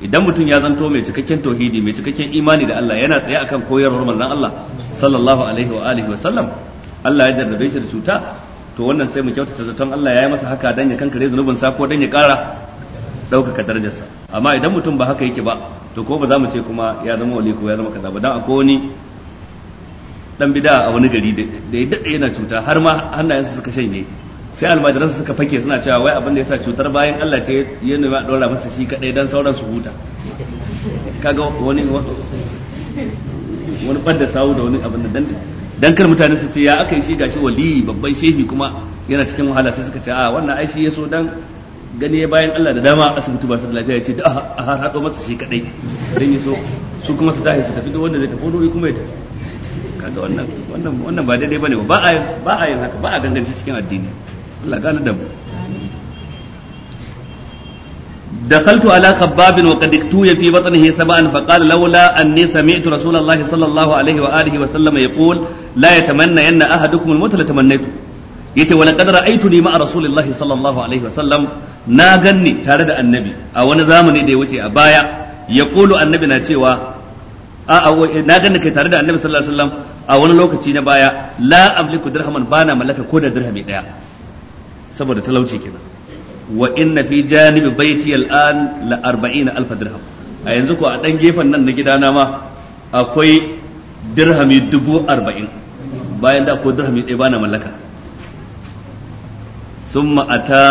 idan mutum ya zanto mai cikakken tauhidi mai cikakken imani da Allah yana tsaye akan koyarwar manzon Allah sallallahu alaihi wa alihi wa sallam Allah ya jarrabe shi da cuta to wannan sai mu kyautata zaton Allah ya yi masa haka dan ya kankare zunubin sa ko dan ya kara ɗaukaka darajarsa amma idan mutum ba haka yake ba to ko ba za mu ce kuma ya zama wali ko ya zama kaza ba dan akwai wani dan bida a wani gari da ya dade yana cuta har ma hannayensa suka shanye sai almajiransa suka fake suna cewa wai abin da yasa cutar bayan Allah ce ya nuna a masa shi kadai dan sauran su huta kaga wani wani ɓadda sawu da wani abin da dan dan kar mutane su ce ya aka shi gashi wali babban shehi kuma yana cikin wahala sai suka ce a wannan ai shi so dan gani ya bayan Allah da dama asibiti ba su da lafiya ya ce da a har hado masa shi kadai dan yaso su kuma su tashi su tafi duk wanda zai tafi dole kuma ya tafi kaga wannan wannan wannan ba daidai bane ba ba a ba a yin haka ba a ganganci cikin addini Allah gane da mu دخلت على خباب وقد اكتوي في بطنه سبعا فقال لولا أني سمعت رسول الله صلى الله عليه وآله وسلم يقول لا يتمنى أن أحدكم الموت لتمنيته yace wala qad ra'aytuni ma'a rasulillahi sallallahu alaihi wasallam na ganni tare da annabi a wani zamani da ya wuce a baya yaqulu annabi na cewa a na ganni kai tare da annabi sallallahu alaihi wasallam a wani lokaci na baya la amliku dirhaman bana mallaka ko da dirhami ɗaya saboda talauci kenan wa inna fi janibi baiti al'an la 40 alf dirham a yanzu ko a ɗan gefen nan na gidana ma akwai dirhami dubu arba'in bayan da ko dirhami ɗaya ba na mallaka summa ata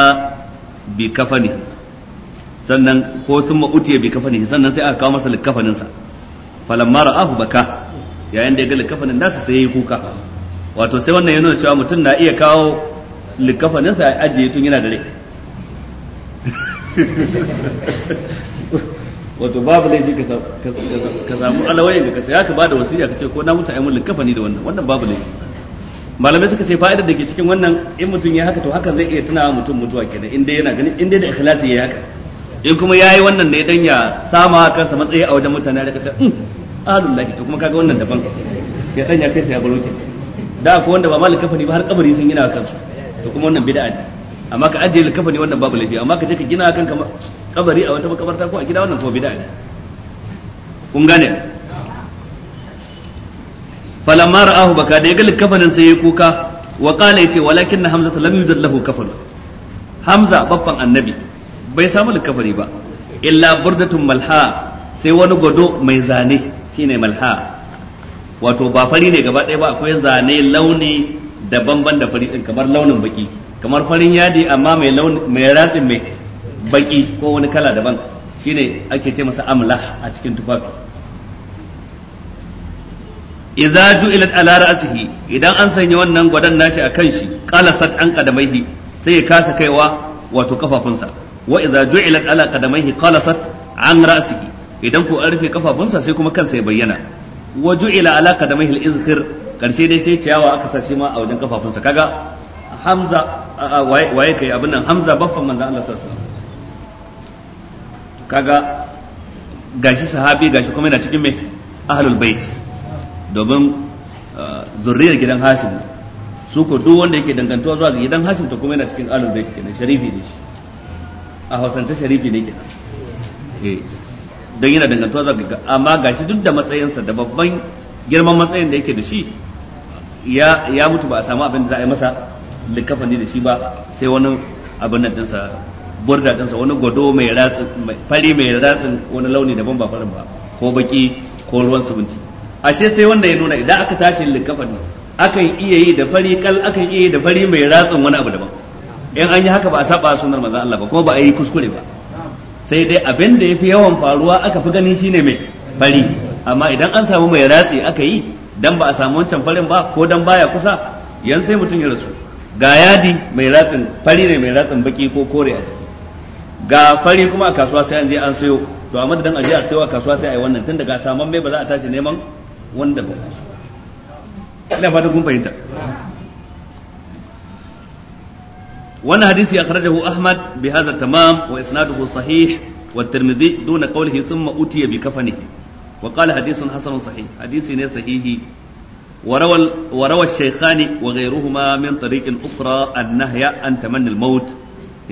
bi kafani sannan ko summa utiya bi kafani sannan sai aka kawo masa likafaninsa falamma ra'ahu baka yayin da ya ga likafanin nasa sai ya yi kuka wato sai wannan yana cewa mutum na iya kawo likafaninsa ya ajiye tun yana da rai wato babu laifi ka samu alawayin ka ya ka bada wasiya ka ce ko na mutu ai mun ni da wannan wannan babu laifi malamai suka ce fa'idar da ke cikin wannan in mutum ya haka to hakan zai iya tunawa mutum mutuwa kenan in dai yana ganin in dai da ikhlasi ya haka in kuma yayi wannan ne dan ya sama kansa matsayi a wajen mutane da kace hmm, ahadullahi to kuma kaga wannan daban ya dan ya kai sai ya baro ki da ko wanda ba malik ni ba har kabari sun na kansu to kuma wannan bid'a ne amma ka ajiye likafani wannan babu laifi amma ka je ka gina kan kabari a wata makabarta ko a gida wannan kuma bid'a ne kun gane falamma baka da yaga likafanin sai ya kuka wa qala yace walakinna hamza lam yujad lahu kafan hamza babban annabi bai samu likafani ba illa burdatun malha sai wani gado mai zane shine malha wato ba fari ne gaba ɗaya ba akwai zane launi da ban da fari din kamar launin baki kamar farin yadi amma mai launi mai ratsin mai baki ko wani kala daban shine ake ce masa amla a cikin tufafi idza ju'ilat ala ra'sihi idan an sanya wannan gwadan nashi akan shi sat an qadamaihi sai ya kasa kaiwa wato kafafunsa wa idza ju'ilat ala qadamaihi sat an ra'sihi idan ko an rufe kafafunsa sai kuma kansa ya bayyana wa ju'ila ala qadamaihi al izhir karshe dai sai ciyawa aka sa shi ma a wajen kafafunsa kaga hamza waye kai abin nan hamza baffan manzon Allah sallallahu alaihi wasallam kaga gashi sahabi gashi kuma yana cikin mai ahlul bait domin uh, zurriyar gidan hashim su ko duk wanda yake dangantuwa zuwa gidan hashim to kuma yana cikin ahlul bait kenan sharifi ne shi a hausance sharifi ne kenan eh don yana dangantuwa zuwa amma gashi duk da matsayinsa da babban girman matsayin da yake da shi ya ya mutu ba a samu abin da za a yi masa likafani da shi ba sai wani abin nan dinsa burda dinsa wani gwado mai ratsin fari mai ratsin wani launi daban ba farin ba ko baki ko ruwan subunti ashe sai wanda ya nuna idan aka tashi ne akan iya yi da fari kal akan iya yi da fari mai ratsin wani abu daban in an yi haka ba a saba sunan manzon Allah ba kuma ba a yi kuskure ba sai dai abin da yafi yawan faruwa aka fi ganin shine mai fari amma idan an samu mai ratsi aka yi dan ba a samu wancan farin ba ko dan baya kusa yanzu sai mutum ya rasu ga yadi mai ratsin fari ne mai ratsin baki ko kore a ciki ga fari kuma a kasuwa sai an je an sayo to a madadin aje a sayo a kasuwa sai a yi wannan tun daga saman mai ba za a tashi neman wanda ba ina fata kun fahimta wannan hadisi ya kharajahu ahmad bi hadha tamam wa isnaduhu sahih wa tirmidhi duna qawlihi thumma utiya bi kafanihi وقال حديث حسن صحيح حديث صحيح وروى وروى الشيخان وغيرهما من طريق اخرى النهي عن تمني الموت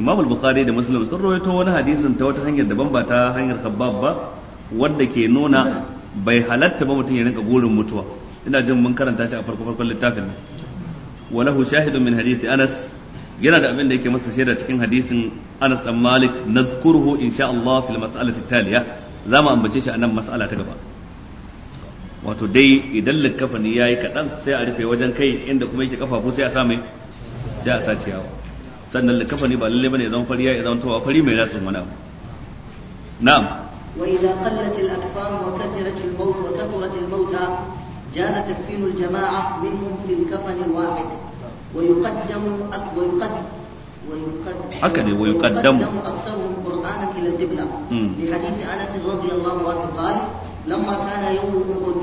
امام البخاري ده مسلم sun rawaito wani hadisin ta wata hanyar daban ba ta hanyar khabbab ba wanda ke nuna bai halatta ba mutum ya rinka burin mutuwa ina jin mun karanta shi a farko farkon littafin nan walahu shahidun min hadisi anas yana da abin da yake masa shaida cikin hadisin anas dan malik nazkuruhu insha Allah fil mas'alati taliya za mu ambace shi a nan mas'ala ta gaba wato dai idan likkafani ya yi kaɗan sai a rufe wajen kai inda kuma yake kafafu sai a sa mai sai a sa ciyawa sannan likkafani ba lallai bane ya zama fari ya zama towa fari mai ratsin wani abu na'am وإذا قلت الأكفان وكثرت الموت jama'a الموتى جاز تكفين الجماعة منهم في الكفن الواحد ويقدم ويقدم ويقدم ويقدم اكثرهم قرانا الى الدبلة في حديث انس رضي الله عنه قال لما كان يوم احد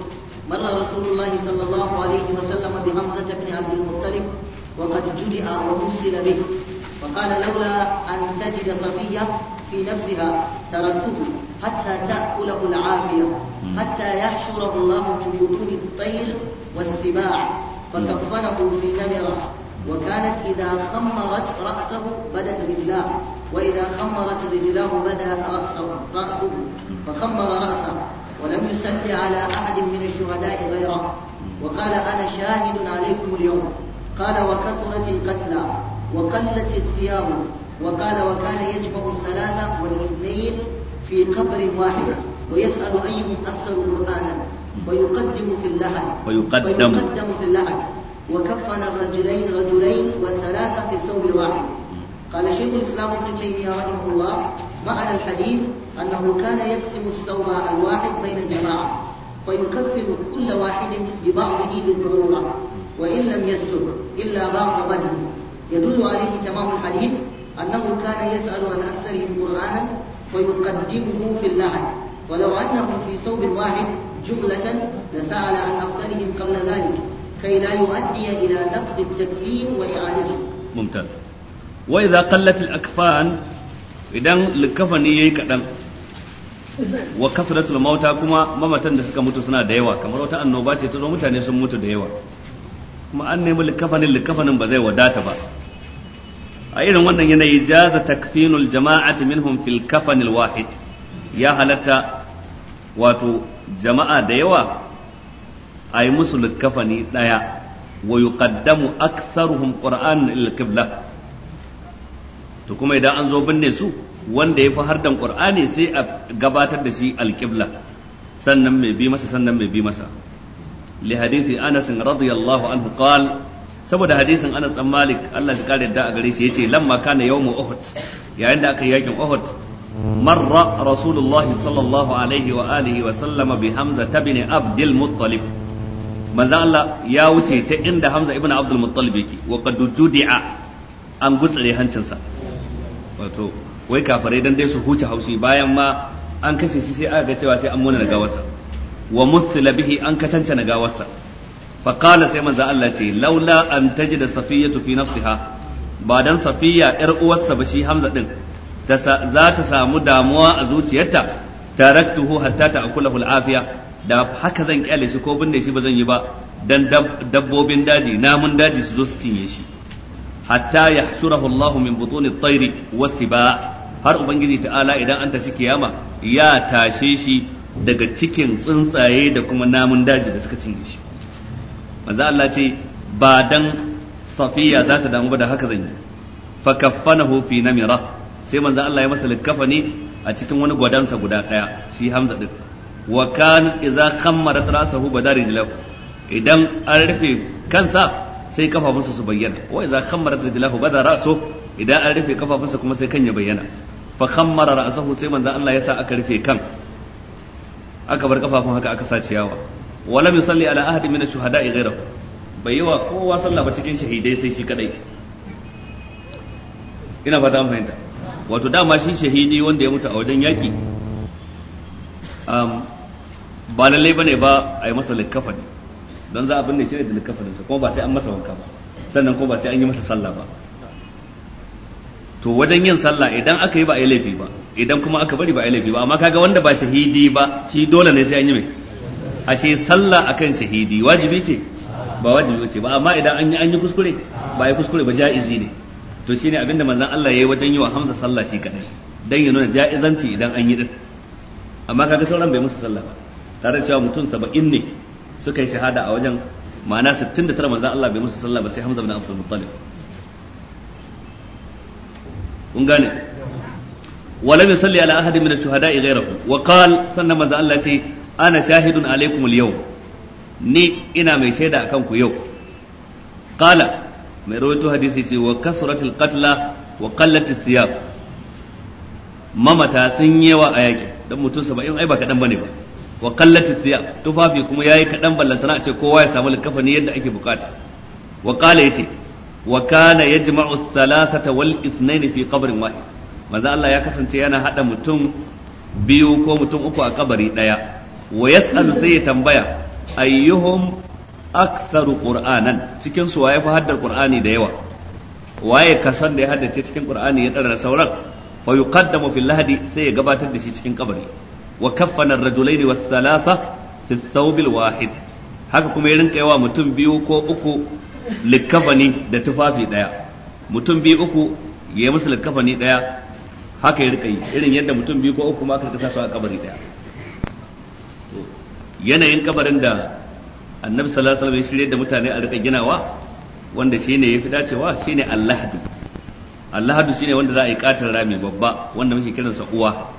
مر رسول الله صلى الله عليه وسلم بحمزه بن عبد المطلب وقد جرع وارسل به فقال لولا ان تجد صفيه في نفسها تركته حتى تاكله العافيه حتى يحشره الله في بطون الطير والسباع فكفنه في نمره وكانت إذا خمرت رأسه بدت رجلاه وإذا خمرت رجلاه بدا رأسه رأسه فخمر رأسه ولم يصلي على أحد من الشهداء غيره وقال أنا شاهد عليكم اليوم قال وكثرت القتلى وقلت الثياب وقال وكان يجمع الثلاثة والاثنين في قبر واحد ويسأل أيهم أكثر قرآنا ويقدم في اللحن ويقدم, ويقدم في اللحن وكفن الرجلين رجلين وثلاثة في الثوب الواحد قال شيخ الاسلام ابن تيميه رحمه الله معنى الحديث انه كان يقسم الثوب الواحد بين الجماعه فيكفن كل واحد ببعضه للضروره وان لم يستر الا بعض بدنه يدل عليه تمام الحديث انه كان يسال عن اكثرهم قرانا فيقدمه في اللعن ولو انهم في ثوب واحد جمله لسال عن افضلهم قبل ذلك كي لا يؤدي إلى نقد التكفير وإعادته ممتاز وإذا kaɗan wa kasratul kuma mamatan da suka mutu suna da yawa kamar wata annoba ce ta zo mutane sun mutu da yawa kuma an nemi likafanin likafanin ba zai wadata ba a irin wannan yanayi jaza takfinul jama'ati minhum fil kafanil wahid ya halatta wato jama'a da yawa a musu likkafani ɗaya wa yuqaddamu aktharuhum qur'an lil qibla to kuma idan an zo binne su wanda ya fi hardan qur'ani sai a gabatar da shi alqibla sannan mai bi masa sannan mai bi masa li hadisi anas radiyallahu anhu qala saboda hadisin Anas dan Malik Allah ya kare da a gare shi yace lamma kana yawmu Uhud yayin da aka yi yakin Uhud marra Rasulullahi sallallahu alaihi wa alihi wa sallama bi Hamza ibn Abdul Muttalib manzon Allah ya wuce ta inda Hamza ibn Abdul Muttalib yake wa qad judi'a an gutsare hancinsa wato wai kafare dan dai su huce haushi bayan ma an kashe shi sai aka ga cewa sai an mona gawarsa wa muthla bihi an katanta gawarsa fa qala sai manzon Allah ce laula an tajida safiyatu fi nafsiha ba dan safiya yar uwarsa ba shi Hamza din za ta samu damuwa a zuciyarta taraktuhu hatta ta'kulahu al-afiya da haka zan kyale shi ko binne shi ba zan yi ba dan dabbobin daji namun daji su zo su cinye shi hatta yahsurahu Allah min butuni at-tayr was-siba har ubangiji ta'ala idan an tashi kiyama ya tashe shi daga cikin tsuntsaye da kuma namun daji da suka cinye shi manzo Allah ce ba dan safiya za ta damu ba da haka zan yi fa kaffanahu fi namira sai manzo Allah ya masa likafani a cikin wani gwadansa guda daya shi Hamza din wa kan idza khammarat rasahu badari rijlahu idan an rufe kansa sai kafafunsa su bayyana wa idza khammarat rijlahu badar rasu idan an rufe kafafunsa kuma sai kan ya bayyana fa khammara ra'sahu sai manzo Allah ya sa aka rufe kan aka bar kafafun haka aka sa ciyawa wa lam yusalli ala ahadin min ash-shuhada'i ghayrahu bai yi wa kowa sallah ba cikin shahidai sai shi kadai ina fata an fahimta wato dama shi shahidi wanda ya mutu a wajen yaki um, ba lallai bane ba a yi masa likafani don za a binne shi ne da likafaninsa kuma ba sai an masa wanka ba sannan kuma ba sai an yi masa sallah ba to wajen yin sallah idan aka yi ba a yi laifi ba idan kuma aka bari ba a yi laifi ba amma kaga wanda ba shahidi ba shi dole ne sai an yi mai ashe sallah akan shahidi wajibi ce ba wajibi ce ba amma idan an yi an yi kuskure ba yi kuskure ba ja'izi ne to shine abinda manzon Allah yayi wajen yi wa Hamza sallah shi kadai dan ya nuna ja'izanci idan an yi din amma kaga sauran bai musu sallah ba tare da cewa mutum saba'in ne suka yi shahada a wajen ma'ana 69 manzan Allah bai musu sallah ba sai Hamza bin Abdul Muttalib kun gane ala ahadin على أحد من الشهداء غيره وقال سنة من الله ce ana shahidun alaikum yau ni ina mai shaida akan ku yau qala mai rawaito hadisi ce wa kasratil qatla wa qallatis siyab mamata sun yawa a yaki dan mutum 70 ai ba kadan bane ba wa qallati thiyab tufafi kuma yayi kadan ballantana a ce kowa ya samu likafani yadda ake bukata wa qala yace wa kana yajma'u ath-thalathata wal ithnain fi qabrin wahid manzo Allah ya kasance yana hada mutum biyu ko mutum uku a kabari daya wa yas'alu sai ya tambaya ayyuhum aktharu qur'anan cikin su waye fa haddar qur'ani da yawa waye kasan da ya haddace cikin qur'ani ya dara sauran fa yuqaddamu fil lahdi sai ya gabatar da shi cikin kabari wa kaffana ar-rajulaini wath-thalatha fi thawb al haka kuma ya rinka yawa mutum biyu ko uku likafani da tufafi daya mutum biyu uku ya yi musu likafani daya haka ya rika yi irin yadda mutum biyu ko uku ma aka rika su a kabari daya yanayin kabarin da annabi sallallahu alaihi wasallam ya shirye da mutane a rika ginawa wanda shine yafi dacewa shine allahdu allahdu shine wanda za a yi katin rami babba wanda muke kiransa uwa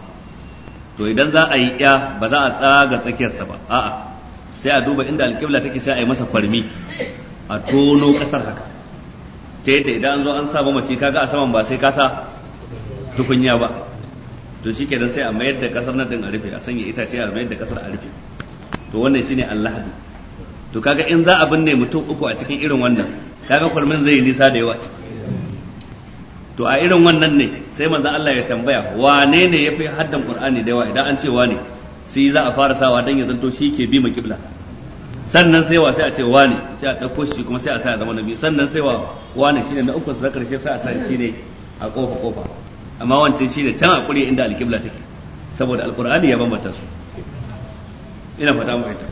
to idan za a yi ya ba za a tsaga tsakiyarsa ba a'a sai a duba inda alƙibla take sai a yi masa farmi a tono ƙasar haka ta yadda idan an zo an sa mamaci kaga a saman ba sai ka tukunya ba to shi kenan sai a mayar da ƙasar nan din a rufe a sanya itace a mayar da ƙasar a rufe to wannan shine Allah hadu to kaga in za a binne mutum uku a cikin irin wannan kaga kwalmin zai yi nisa da yawa ciki to a irin wannan ne sai manzon Allah ya tambaya wane ne ya fi haddan Qur'ani da yawa idan an ce wane sai za a fara sawa dan ya zanto shi ke bi ma kibla sannan sai wa sai a ce wane sai a dauko shi kuma sai a sa zama nabi sannan sai wa wane shine na uku sai karshe sai a sa shi ne a kofa kofa amma shi ne can a kure inda alkibla take saboda alqur'ani ya bambanta su ina fata mu ita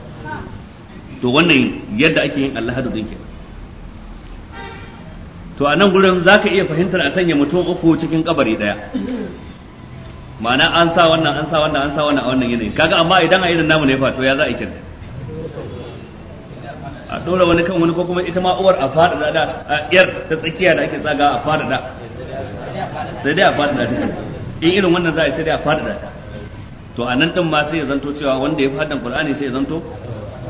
to wannan yadda ake yin Allah hadu din to a nan gurin za ka iya fahimtar a sanya mutum uku cikin kabari daya ma'ana an sa wannan an sa wannan an sa wannan a wannan yanayin kaga amma idan a irin namu ne fa to ya za a kirga a dora wani kan wani ko kuma ita ma uwar a fada da a yar ta tsakiya da ake tsaga a fada da sai dai a fada da ta in irin wannan za a yi sai dai a fada da ta to a nan din ma sai ya zanto cewa wanda ya fi haɗin qur'ani sai ya zanto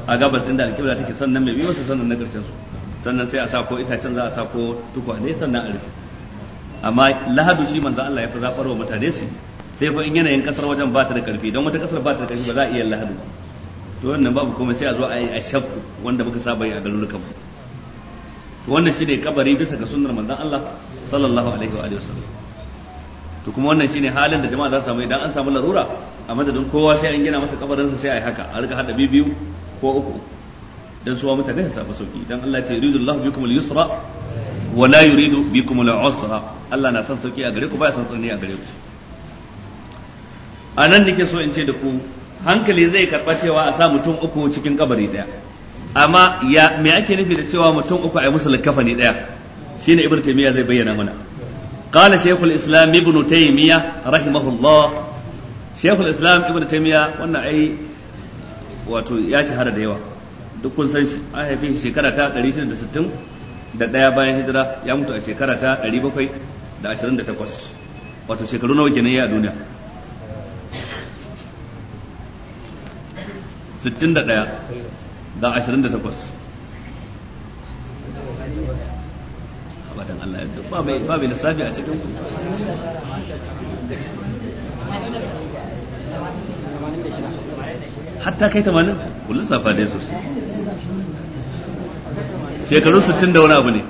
a gabas inda alƙibla take sannan mai biyu masa sannan na karshen su sannan sai a sa ko itacen za a sa ko tukwane sannan a rufe amma lahadu shi manzo Allah ya fi zabar wa mutane su sai fa in yanayin kasar wajen ba ta da karfi don wata kasar ba ta da karfi ba za a iya lahadu ba to wannan babu komai sai a zo a yi a shakku wanda muka saba yi a garurukan mu wannan shine kabari bisa ga sunnar manzo Allah sallallahu alaihi wa sallam to kuma wannan shine halin da jama'a za su samu idan an samu larura a madadin kowa sai an gina masa kabarin sa sai a yi haka a rika hada biyu ko uku dan suwa mutane su samu sauki dan Allah ya ce yuridu Allah bikum al-yusra wa la yuridu bikum al-usra Allah na son sauki a gare ku ba ya son tsanani a gare ku anan nake so in ce da ku hankali zai karba cewa a sa mutum uku cikin kabari daya amma ya me ake nufi da cewa mutum uku ai musu likafani daya shine ibnu taymiya zai bayyana mana قال شيخ islam ابن تيمية رحمه الله islam الإسلام ابن تيمية وانا أي واتو يا شهر ديوه duk kun san shi an haife shi shekara ta 660 da ɗaya bayan hijira ya mutu a shekara ta 728 wato shekaru nawa kenan ya a duniya 61 da 28 abadan Allah ya duk bai ba bai lissafi a cikin ku hatta kai tamanin kullun safa dai sosai shekaru 60 da wani abu ne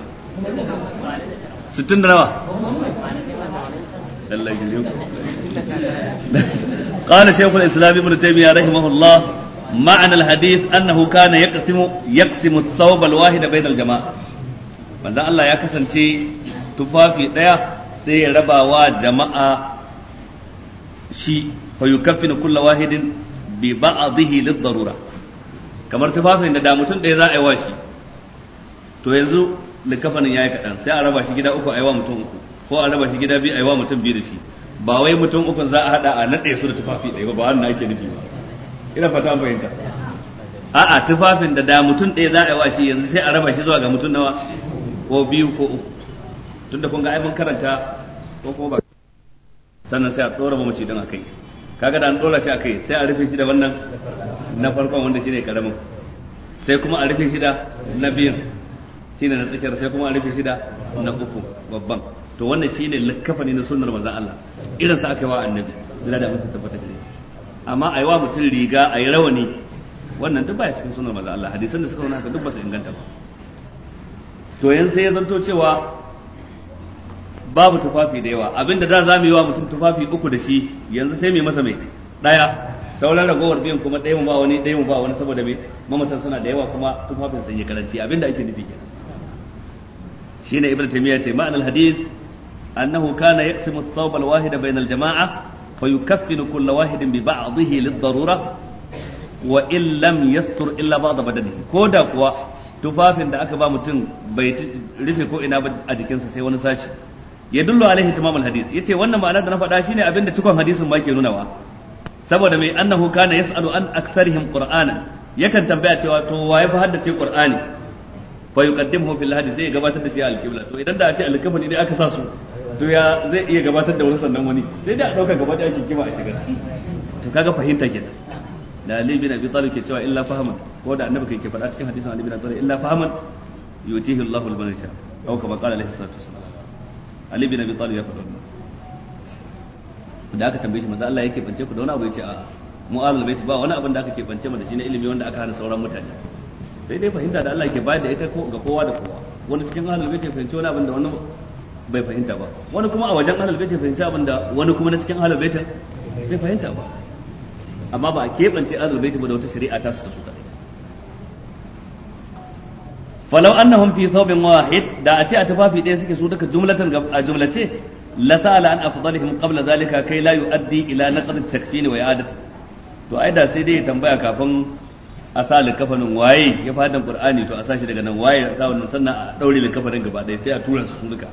60 da nawa Allah ya قال شيخ الاسلام ابن تيميه رحمه الله معنى الحديث انه كان يقسم يقسم الثوب الواحد بين الجماعه manzo Allah ya kasance tufafi daya sai ya raba wa jama'a shi fa yukaffinu kullu wahidin bi ba'dihi lid-darura kamar tufafin da da mutum daya za a yi wa shi to yanzu kafanin yayi kadan sai a raba shi gida uku a yawa mutum uku ko a raba shi gida biyu a yawa mutum biyu da shi ba wai mutum uku za a hada a nade su da tufafi ɗaya ba ba wannan ake nufi ba ina fata an fahimta a'a tufafin da da mutum ɗaya za a yi wa shi yanzu sai a raba shi zuwa ga mutum nawa ko biyu ko uku tun da kun ga aibin mun karanta ko kuma ba sannan sai a dora mamaci don akai kaga da an dora shi akai sai a rufe shi da wannan na farkon wanda shine karamin sai kuma a rufe shi da na biyun. shine na tsakiyar sai kuma a rufe shida na uku babban to wannan shine lakkafa ne na sunnar manzon Allah irin sa aka yi wa annabi zira da mutum tabbata da shi amma a yi wa mutum riga a yi rawani wannan duk baya cikin sunnar manzon Allah hadisan da suka nuna haka duk ba su inganta ba to yanzu sai ya zanto cewa babu tufafi da yawa abinda da za mu yi wa mutum tufafi uku da shi yanzu sai mai masa mai daya sauran ragowar biyan kuma ɗaya mu ba wani ɗaya mu ba wani saboda mai mamatan suna da yawa kuma tufafin sun yi karanci abinda ake nufi kenan shine ibnu taymiya ce ma'anar hadith annahu kana yaqsimu ath-thawb al-wahid bayna al-jama'a fa yukaffinu kull wahidin bi ba'dihi lid-darura wa in lam yastur illa ba'd badanihi ko da kuwa tufafin da aka ba mutum bai rufe ko ina a jikinsa sai wani sashi ya dullu alaihi tamamul Ya yace wannan ma'ana da na faɗa shine abinda cikon hadisin ma ke nunawa saboda mai annahu kana yas'alu an aktharihim qur'ana yakan tambaya cewa to waye fa haddace qur'ani fa yuqaddimuhu fil hadi zai gabatar da shi a alqibla to idan da a ce alkafani dai aka sa su to ya zai iya gabatar da wani sannan wani sai dai a dauka gaba da ake kima a shigar to kaga fahimta kenan da Ali bin Abi Talib ke cewa illa fahaman ko da annabi kai ke faɗa cikin hadisin Ali bin Abi Talib illa fahaman yutihi Allahu al-banisha aw kama qala alaihi salatu wasallam Ali bin Abi Talib ya faɗa wannan da aka tambaye shi manzo Allah yake bance ku da wani abu yace a mu ahlul bait ba wani abin da aka ke bance mu da shi ne ilimi wanda aka hana sauran mutane sai dai fahimta da Allah ke bayar da ita ga kowa da kowa wani cikin ahlul bait ya fahimci wani abin da wani bai fahimta ba wani kuma a wajen ahlul bait ya fahimci abin da wani kuma na cikin ahlul bait bai fahimta ba amma ba a keɓance ahlul bait ba da wata shari'a ta su ta su kadai falau annahum fi thawbin wahid da a ce a tufafi ɗaya suke su duka jumlatan a jumlace lasala an لسأل عن أفضلهم قبل ذلك كي لا يؤدي إلى نقض التكفين وإعادته to ai da sai dai ya tambaya kafin a sa likafanin waye ya fadan qur'ani to a sa shi daga nan waye a sa wannan sannan a daure likafanin gaba ɗaya sai a tura su su duka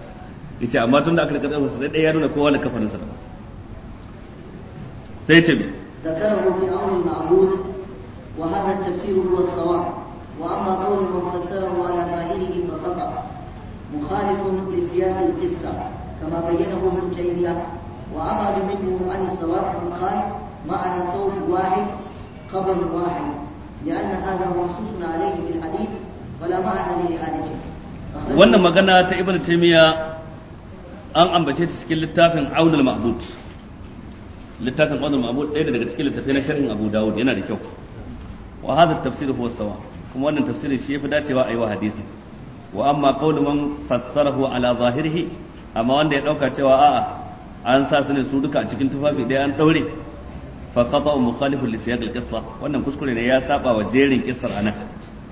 yace amma tun da aka likafanin su ɗaya ya nuna kowa likafanin sa sai ce bi ذكره في أمر المعبود وهذا التفسير هو الصواب وأما قوله فسره على قائله فخطأ مخالف لسياق القصة كما بينه ابن تيمية وأبعد منه عن الصواب من قال معنى ثوب واحد قبر واحد لأن هذا منصوص عليه بالحديث ولا معنى لإعادته wannan magana ta ibn taimiya an ambace ta cikin littafin aunul mahmud littafin aunul mahmud ɗaya daga cikin littafai na sharhin abu dawud yana da kyau wa hadha tafsir huwa sawa kuma wannan tafsirin shi yafi dacewa a yi wa hadisi wa amma qawlu man fassarahu ala zahirihi amma wanda ya dauka cewa a'a an sa su ne su duka a cikin tufafi ɗaya an daure fa qata mukhalifun li siyaq al-qissa wannan kuskure ne ya saba wa jerin kissar anan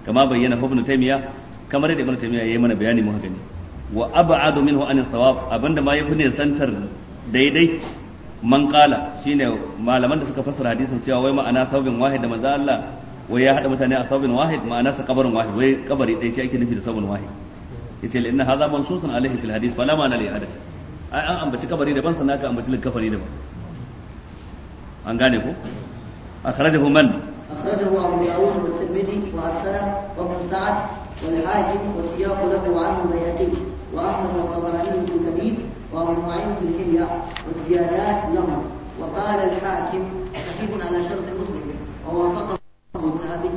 kama bayyana ibn taymiya kamar da ibn taymiya yayi mana bayani mu gani wa ab'adu minhu an sawab abinda ma yafi ne santar daidai man shine malaman da suka fassara hadisin cewa wai ma'ana thawbin wahid da manzo Allah wai ya hada mutane a thawbin wahid ma'ana sa kabarin wahid wai kabari dai shi ake nufi da thawbin wahid yace inna hadha mansusun alaihi fil hadith fala ma'ana li hadith ai an ambaci kabari daban sannan ka ambaci likafani daban أن قال أخرجه من؟ أخرجه أبو داود والترمذي وأرسله وابن سعد والحاكم والسياق له وعنه بيهقي وأحمد والطبراني في الكبير وأبو معين في الحلية والزيادات له وقال الحاكم حكيم على شرط المسلم ووافقه الذهبي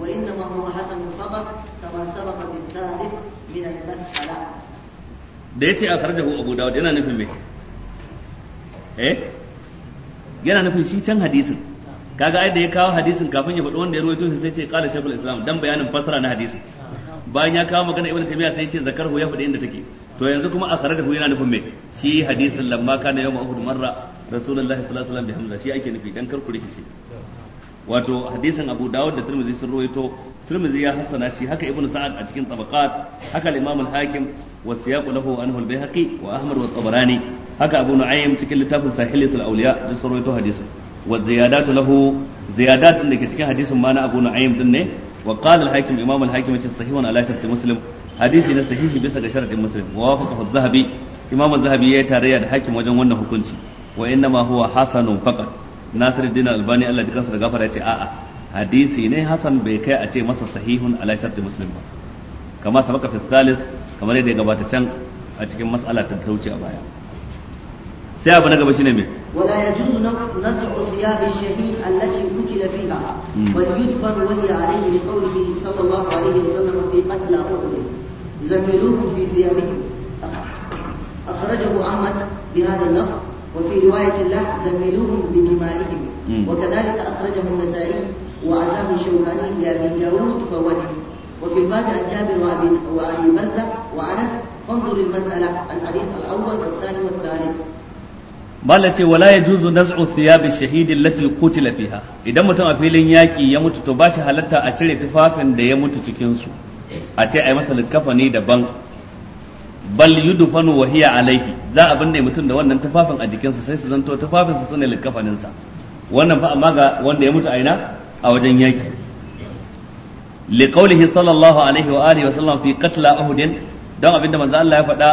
وإنما هو حسن فقط كما سبق بالثالث من المسألة. ديتي أخرجه أبو داود أنا نفهم إيه؟ yana nufin shi can hadisin kaga ai da ya kawo hadisin kafin ya faɗi wanda ya ruwaito shi sai ce qala shaykhul islam dan bayanin fasara na hadisin bayan ya kawo magana ibnu taymiya sai ce zakarhu ya faɗi inda take to yanzu kuma hu yana nufin me shi hadisin lamma kana yawma uhud marra rasulullahi sallallahu alaihi wasallam shi ake nufi dan kar ku rikice wato hadisin Abu Dawud da Tirmidhi sun ruwaito Tirmidhi ya hassana shi haka Ibn Sa'ad a cikin tabaqat haka Imam al-Hakim wa siyaqu lahu anhu al-Baihaqi wa Ahmad wa Tabarani haka Abu Nu'aym cikin littafin Sahihatul Awliya da sun ruwaito hadisin wa ziyadatu lahu ziyadat din da cikin hadisin ma na Abu Nu'aym din ne wa qala al-Hakim Imam al-Hakim ce sahihun ala shartu Muslim hadisi ne sahihi bisa ga sharadin Muslim wa wafaqahu adh zahabi Imam adh-Dhahabi ya tarayya da Hakim wajen wannan hukunci wa inna ma huwa hasanun faqat Nasiruddin Albani Allah ya kansa da gafara ya ce a'a hadisi ne Hassan bai kai a ce masa sahihun ala shartu muslim ba kama sabaka fi thalith kamar yadda ya gabata can a cikin mas'ala ta tauce a baya sai abu na gaba shine me wala yajuzu naz'u thiyab ash-shahid allati qutila fiha hmm. bal yudfan wa hiya alayhi li qawlihi sallallahu alayhi wa sallam fi qatl uhud zammiluhu fi thiyabihim akhrajahu ahmad bi hadha al-lafz وفي رواية له زملوهم بدمائهم وكذلك أخرجه النسائي وعزاه الشوكاني إلى داود فوجد وفي الباب عن جابر وأبي برزة وأنس فانظر المسألة الحديث الأول والثاني والثالث malati wala ya juzu naz'u thiyabi shahidi allati qutila fiha idan mutum a filin yaki ya mutu to bashi halatta a cire tufafin da ya mutu cikin su a ce ai masa likafani daban bal yudfanu wa hiya alaihi za a binne mutum da wannan tufafin a jikinsa sai su zanto su sune likafaninsa wannan fa amma ga wanda ya mutu aina a wajen yaki liqaulihi sallallahu alaihi wa alihi wa sallam fi qatla uhud don abinda manzo Allah ya faɗa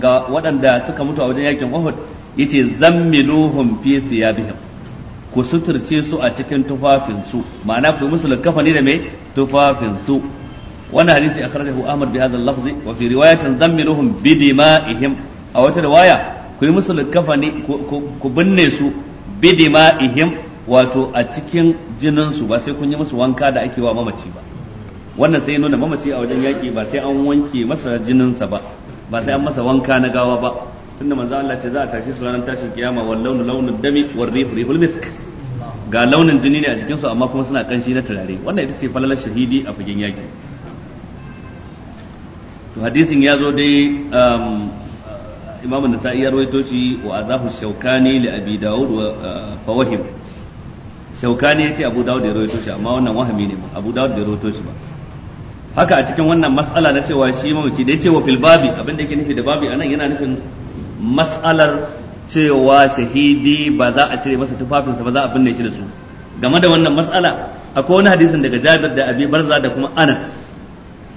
ga waɗanda suka mutu a wajen yakin Uhud yace zammiluhum fi thiyabihim ku suturce su a cikin tufafinsu ma'ana ku musu likafani da tufafin tufafinsu wannan hadisi akhrajahu Ahmad bi hadha al-lafzi wa fi riwayatin zammiluhum bi dima'ihim a wata riwaya ku yi musu kafani ku binne su bi dima'ihim wato a cikin jinin su ba sai kun yi musu wanka da ake wa mamaci ba wannan sai nuna mamaci a wajen yaki ba sai an wanke masa jininsa ba ba sai an masa wanka na gawa ba tunda manzo Allah ce za a tashi su ranar tashin kiyama wal launu launu dami war rihu rihul misk ga launin jini ne a cikin su amma kuma suna kanshi na turare wannan ita ce falalar shahidi a fagen yaki to hadisin ya zo dai um, imam an-nasa'i ya rawaito shi wa azahu shaukani li abi daud wa uh, fawahim shaukani yace abu daud ya rawaito shi amma wannan wahami ne abu daud bai rawaito shi ba haka a cikin wannan mas'ala na cewa shi mamaci da yace wa fil babi abinda yake nufi da babi anan yana nufin mas'alar cewa shahidi ba za a cire masa tufafinsa ba za a binne shi da su game da wannan mas'ala akwai wani hadisin daga Jabir da Abi Barza da kuma Anas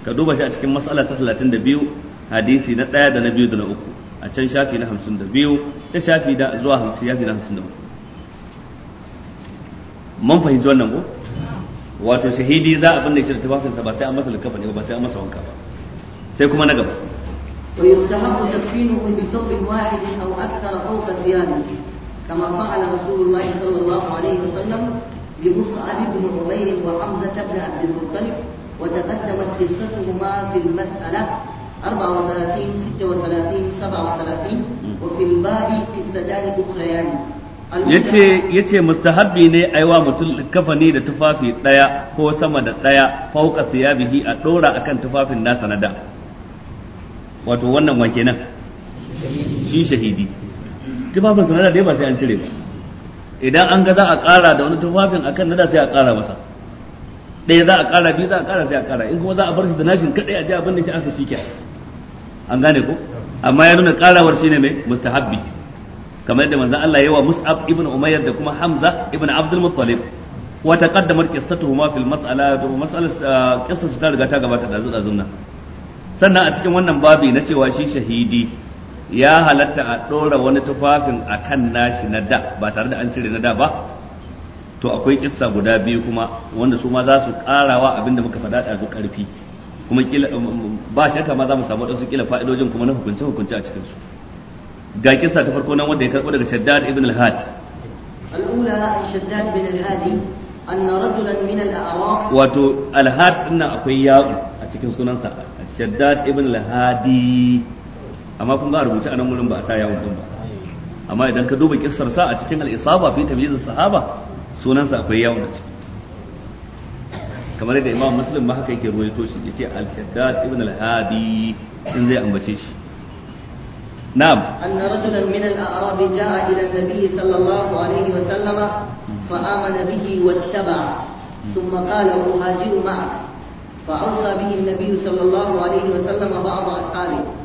ka duba shi a cikin mas'ala ta 32 hadisi na 1 da na 2 da na 3 a can shafi na 52 ta shafi da zuwa shafi na 53 man fahimci wannan ko wato shahidi za a binne shi da tufafinsa ba sai an masa likafa ne ba sai an masa wanka ba sai kuma na gaba ويستحب تكفينه بثوب واحد او اكثر فوق الثياب كما فعل رسول الله صلى الله عليه وسلم بمصعب بن عمير وحمزه بن عبد المطلب وتقدمت قصتهما في المسألة 34 36 37 وفي الباب قصتان أخريان yace yace mustahabbi ne aiwa mutum kafani da tufafi ɗaya ko sama da daya fauka thiyabihi a ɗora akan tufafin nasa na da wato wannan wa nan. shi shahidi tufafin sanada dai ba sai an cire ba idan an ga za a ƙara da wani tufafin akan da sai a ƙara masa ɗaya za a ƙara biyu za a ƙara sai a ƙara in kuma za a bar shi da nashin kaɗai a ji abin da shi aka shi an gane ko amma ya nuna ƙarawar shine mai mustahabbi kamar yadda manzon Allah yayi wa Mus'ab ibn Umayyah da kuma Hamza ibn Abdul Muttalib wa taqaddamat qissatuhuma fil mas'ala to mas'alar ah, qissar ta riga ta gabata da zuwa zunna sannan a cikin wannan babi na cewa shi shahidi ya halatta a ɗora wani tufafin akan nashi na da ba tare da an cire na da ba to akwai kissa guda biyu kuma wanda su ma za su karawa abinda muka faɗa da ƙarfi kuma um, um, um, ba shakka ma za mu samu wadansu kila fa'idojin kuma na hukunce hukunce a cikinsu. ga kissa ta farko nan wanda ya karbo daga Shaddad ibn al-Had al-ula Shaddad ibn al-Hadi anna rajulan min al-a'rab wato al-Had din akwai ya'u a cikin sunansa Shaddad ibn al-Hadi amma kun ba rubuce a nan wurin ba a sa yawon din ba amma idan ka duba kissar sa a cikin al-isaba fi tamyiz as-sahaba sunansa akwai yawon a ciki kamar yadda imam muslim ma haka yake ruwaito shi yace al-shaddad ibn al-hadi in zai ambace shi na'am anna rajulan min al-a'rab jaa ila an-nabi sallallahu alayhi wa sallama fa amana bihi wattaba'a thumma qala muhajiru ma. fa awsa bihi an-nabi sallallahu alayhi wa sallama ba'd ashabihi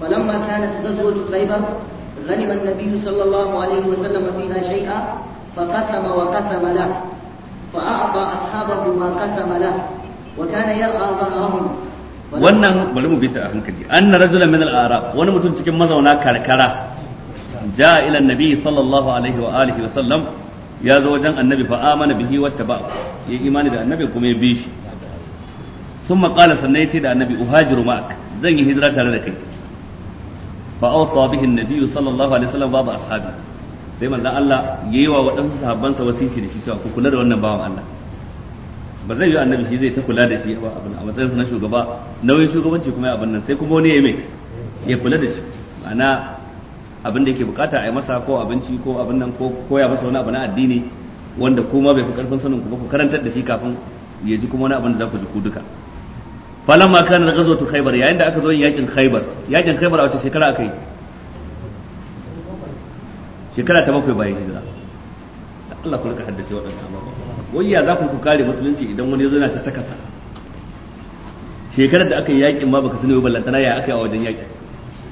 فلما كانت غزوة خيبر غنم النبي صلى الله عليه وسلم فيها شيئا فقسم وقسم له فأعطى أصحابه ما قسم له وكان يرعى ظهرهم wannan bari mu bita a hankali anna rajulan min al-arab wani mutum cikin mazauna karkara jaa ila annabi sallallahu alaihi wa alihi wa sallam ya zo wajen annabi fa amana bihi wattaba ya imani da annabi kuma ya bi shi thumma qala sannan yace da annabi uhajiru ma'ak zan yi hijira tare da kai fa awsa bihi annabi sallallahu alaihi wa sallam ba ba ashabi sai manzon Allah yayi wa waɗansu sahabban sa wasisi da shi cewa ku kula da wannan bawan Allah ba zai yi annabi shi zai ta kula da shi ba abin a matsayinsa na shugaba nauyin shugabanci kuma abin nan sai kuma wani ya mai ya kula da shi ma'ana abin da yake bukata a yi masa ko abinci ko abin nan ko koya masa wani abu na addini wanda kuma bai fi karfin sanin ku ba ku karantar da shi kafin ya ji kuma wani abin da za ku ji ku duka falamma kana ghazwatu khaybar yayin da aka zo yakin khaybar yakin khaybar a wace shekara aka yi shekara ta bakwai bayan hijira Allah ku ka haddace waɗannan abubuwa wai ya za ku kare musulunci idan wani ya yana ta takasa shekarar da aka yi yakin ma baka sani ba ballantana ya aka yi a wajen yakin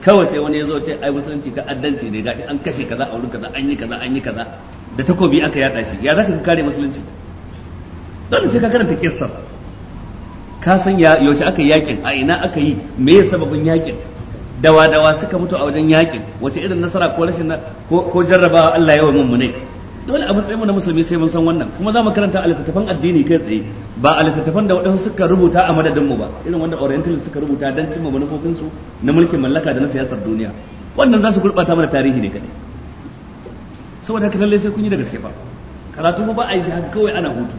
kawai sai wani ya zo ce ai musulunci ta addanci ne gashi an kashe kaza a wurin kaza an yi kaza an yi kaza da takobi aka yada shi ya za ka kare musulunci don sai ka karanta kissar ka san ya yaushe aka yi yakin a ina aka yi me ya sababin yakin dawa dawa suka mutu a wajen yakin wace irin nasara ko rashin ko jarrabawa Allah ya wa mune dole a matsayin mu na musulmi sai mun san wannan kuma za mu karanta a addini kai tsaye ba a da wadansu suka rubuta a madadin mu ba irin wanda orientalist suka rubuta dan cimma manufofin su na mulkin mallaka da na siyasar duniya wannan za su mana tarihi ne kadai saboda haka lallai sai kun yi da gaske ba karatu ba a yi shi kawai ana hutu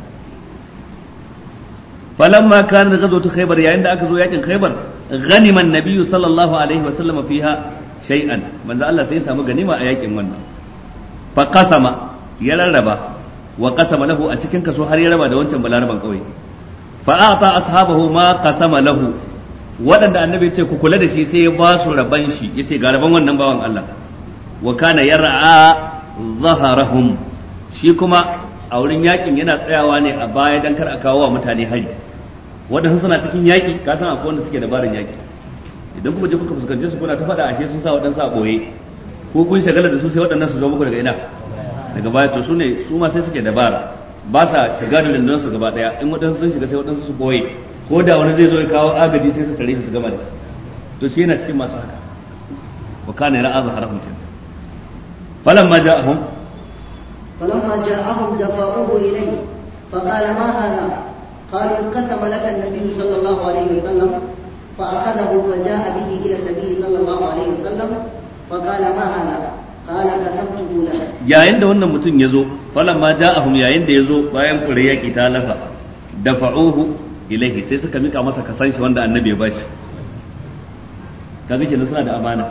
Falan falamma kana ghazwatu khaybar yayin da aka zo yakin khaybar ghanima an-nabiy sallallahu alaihi wa sallam fiha Allah sai ya samu ganima a yakin wannan fa qasama ya rarraba wa qasama lahu a cikin kaso har ya raba da wancan balaraban kauye fa ata ashabahu ma qasama lahu waɗanda annabi ya ce kula da shi sai ya ba su raban shi ya ce ga wannan bawan Allah wa kana yar'a zaharahum shi kuma a wurin yakin yana tsayawa ne a baya dan kar a kawo wa mutane hari waɗansu suna cikin yaƙi ka san akwai wanda suke dabarin yaƙi idan kuma je kuka fuskance su kuna ta faɗa ashe sun sa waɗansu a ɓoye ko kun shagala da su sai waɗannan su zo muku daga ina daga baya to su ne su ma sai suke dabara ba sa shiga da lindon su gaba ɗaya in waɗansu sun shiga sai waɗansu su ɓoye ko da wani zai zo ya kawo agaji sai su tare su gama da su to shi yana cikin masu haka wa kana ra'a falan ma ja'ahum فلما جاءهم دفعوه fa qala ma hala. قالوا انقسم لك النبي صلى الله عليه وسلم فأخذه فجاء به إلى النبي صلى الله عليه وسلم فقال ما هذا yayin da wannan mutum ya zo falamma ja'ahum yayin da ya zo bayan ƙure ta lafa da fa'uhu ilaihi sai suka mika masa kasan shi wanda annabi ya bashi kaga kenan suna da amana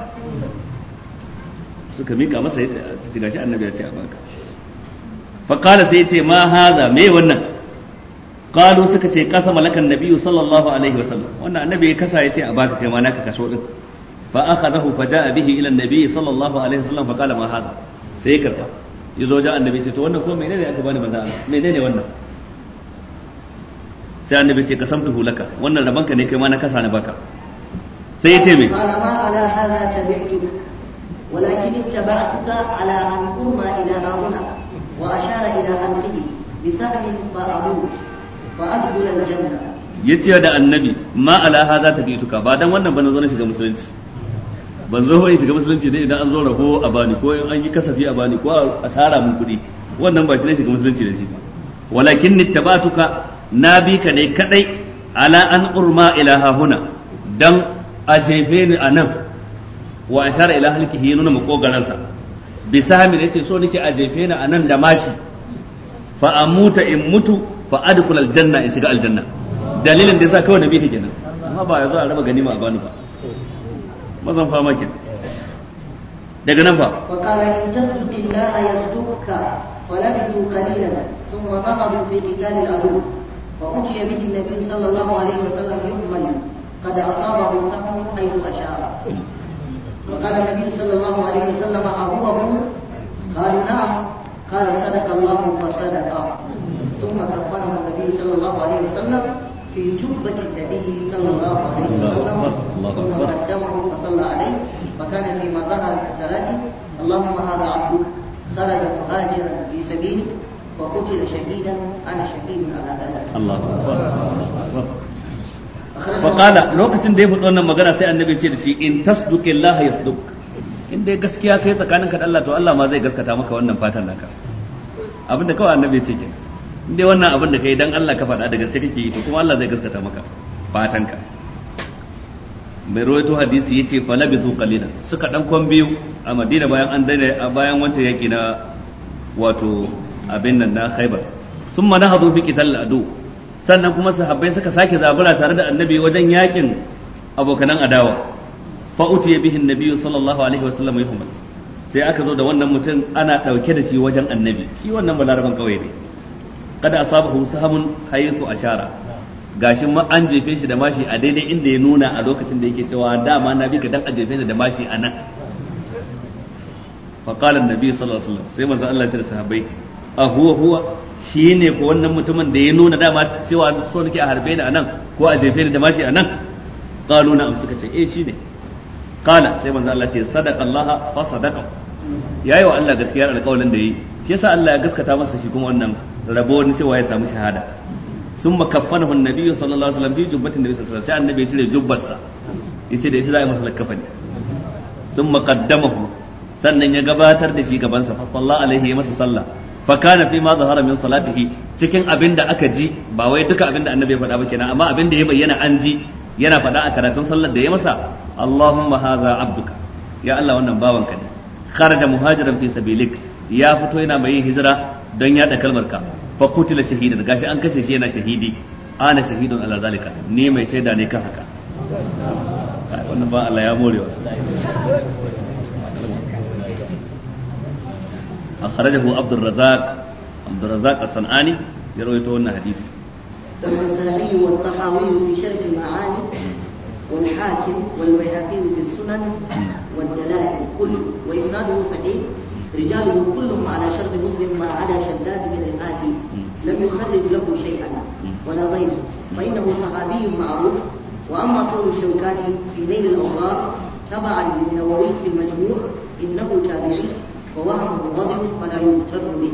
suka mika masa yadda su ci gashi annabi ya ce a baka fa qala sai ya ce ma haza me wannan qalu suka ce kasa malakan nabiyyu sallallahu alaihi wasallam wannan annabi ya kasa a baka kai ma naka kaso din fa akhadahu bihi ila nabiyyi sallallahu alaihi wasallam fa qala ma sai ya karba yazo wajen annabi ce to wannan ko menene aka bani manzo Allah menene wannan sai annabi ce kasamtuhu laka wannan rabanka ne kai ma na kasa na baka sai ya ala ولكن اتبعتك على أن أرمى إلى هاهنا وأشار إلى عنقه بسهم فأموت ya ce da annabi ma ala hadha tuka. ba dan wannan ba na zo na shiga musulunci ban zo wai shiga musulunci dai idan an zo rabo a bani ko in an yi kasafi a bani ko a tara mun kuɗi wannan ba shi ne shiga musulunci da shi ba walakin tuka. na bi ka ne kadai ala an urma ilaha huna dan a jefe ni anan wa ashara ila halkihi nuna makogaransa bisa min ce so nake a jefe ni anan da mashi fa amuta in mutu fa adkhul aljanna in shiga aljanna dalilin da yasa kawai nabi ta kenan amma ba yazo a raba ganima a bani ba mazan fama kenan daga nan fa wa qala in tasud billah yasduka wa labithu qalilan thumma dhahabu fi qital al-adu wa utiya bihi an-nabi sallallahu alaihi wa sallam yuhmal qad asabahu sahmun haythu ashara وقال النبي صلى الله عليه وسلم أهوه قالوا نعم قال صدق الله فصدقه ثم كفنه النبي صلى الله عليه وسلم في جبة النبي صلى الله عليه وسلم ثم قدمه وصلى عليه فكان فيما ظهر من الصلاة اللهم هذا عبدك خرج مهاجرا في سبيلك وقتل شهيدا انا شهيد على ذلك الله اكبر فقال لوكتين da ya faɗi wannan magana النبي annabi إن تصدق الله يصدق إن دي in dai gaskiya kai الله تو الله ما زي ma zai gaskata maka wannan fatan naka abinda kawai annabi ce kenan dai wannan abin da kai dan Allah ka faɗa daga sai kake yi to kuma Allah zai gaskata maka fatan ka mai rawaito hadisi yace fa labisu qalilan suka dan kwan biyu a Madina bayan an daina bayan wancan yaki na wato abin nan na Khaibar thumma nahadu fi qital adu sannan kuma sahabbai suka sake zabura tare da annabi wajen yakin abokanan adawa fa utiya bihin annabi sallallahu alaihi wasallam yuhmal sai aka zo da wannan mutum ana dauke da shi wajen annabi shi wannan balaraban kawai ne kada asabahu sahamun haythu ashara Gashin ma an jefe shi da mashi a daidai inda ya nuna a lokacin da yake cewa dama na bi ka dan a jefe ni da mashi a nan fa qala annabi sallallahu alaihi wasallam sai manzo Allah ya ce da sahabbai a huwa huwa shine ko wannan mutumin da ya nuna dama cewa so nake a harbe ni a nan ko a jefe ni da mashi a nan qalu na amsuka ce eh shine qala sai manzo Allah ya ce sadaqa Allah fa sadaqa yayi wa Allah gaskiyar alƙawarin da yi shi yasa Allah ya gaskata masa shi kuma wannan rabo wani cewa ya samu shahada sun makaffana hun nabi sallallahu alaihi wasallam fi jubbatin nabi sallallahu alaihi wasallam sai annabi ya cire jubbarsa yace da ita za a yi masa lakafani sun maqaddamahu sannan ya gabatar da shi gabansa fa sallallahu alaihi masa sallah fa kana fi ma zahara min salatihi cikin abinda aka ji ba wai duka abinda annabi ya faɗa ba kenan amma abinda ya bayyana an ji yana faɗa a karatun sallar da ya masa Allahumma hadha abduka ya Allah wannan bawanka ne kharaja muhajiran fi sabilik ya fito yana mai hijira don yada kalmar ka فقتل شهيدا shahidan gashi an kashe shi yana shahidi ana shahidun ala zalika ni mai shaida ne kan haka wannan ba Allah ya أخرجه عبد الرزاق عبد الرزاق الصنعاني يروي wannan حديث النسائي والطحاوي في شرح المعاني والحاكم والبيهقي في السنن والدلائل كله وإسناده صحيح رجاله كلهم على شرط مسلم ما عدا شداد من الهادي لم يخرج له شيئا ولا غيره فإنه صحابي معروف وأما قول الشوكاني في نيل الأوغار تبعا للنووي في المجموع إنه تابعي ووهمه غضب فلا يغتر به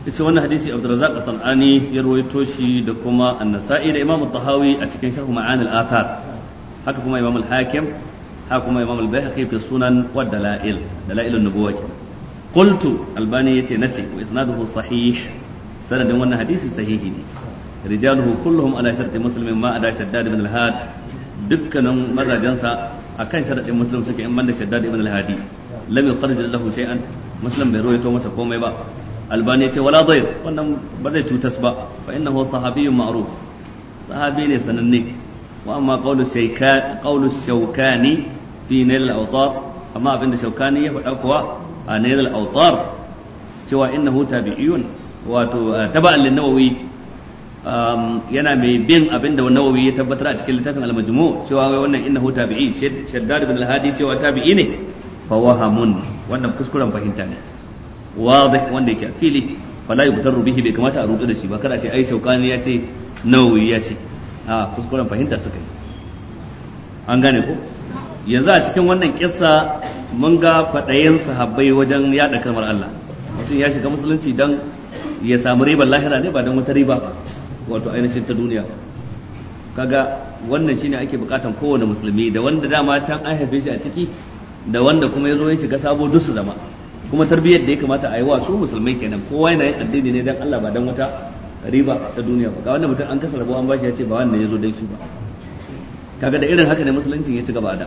ita wannan hadisi Abdurrazzaq As-Sanani ya ruwaito shi da kuma An-Nasa'i da Imam Tahawi a cikin Sharh Ma'an al-Athar haka kuma Imam Al-Hakim haka kuma Imam Al-Baihaqi fi Sunan wa Dalail Dalail an-Nubuwah qultu albani yace nace wa isnaduhu sahih sanadin wannan hadisi sahihi akan sharadin muslim suke in banda shaddad masa komai ba albani yace wala dayr wannan ba ba fa innahu sahabiyyun ma'ruf ne sananne wa amma qawlu shaykan abinda ya faɗa kuwa a nailal autar cewa innahu tabi'iyun wato taba'an lin nawawi um, yana mai bin abin da nawawi ya tabbatar a cikin littafin al-majmu cewa wai wannan innahu tabi'i shaddad ibn al-hadi cewa tabi'i ne fa wahamun wannan kuskuren fahimta ne wadih wanda yake fili fala yubtaru bihi bai kamata a rudu da shi ba kada a ce ai shaukani ya ce nawawi ya ce a kuskuren fahimta suka yi an gane ko yanzu a cikin wannan kissa mun ga kwaɗayin sahabbai wajen yaɗa kalmar Allah mutum ya shiga musulunci don ya samu ribar lahira ne ba don wata riba ba wato ainihin ta duniya kaga wannan shine ake bukatan kowane musulmi da wanda dama can an haife shi a ciki da wanda kuma ya zo ya shiga sabo duk su zama kuma tarbiyyar da ya kamata a yi wa su musulmai kenan kowa yana yin addini ne don Allah ba don wata riba ta duniya ba ga wanda mutum an kasa rabo an bashi ya ce ba wannan ya zo dai shi ba kaga da irin haka ne musulunci ya ci gaba da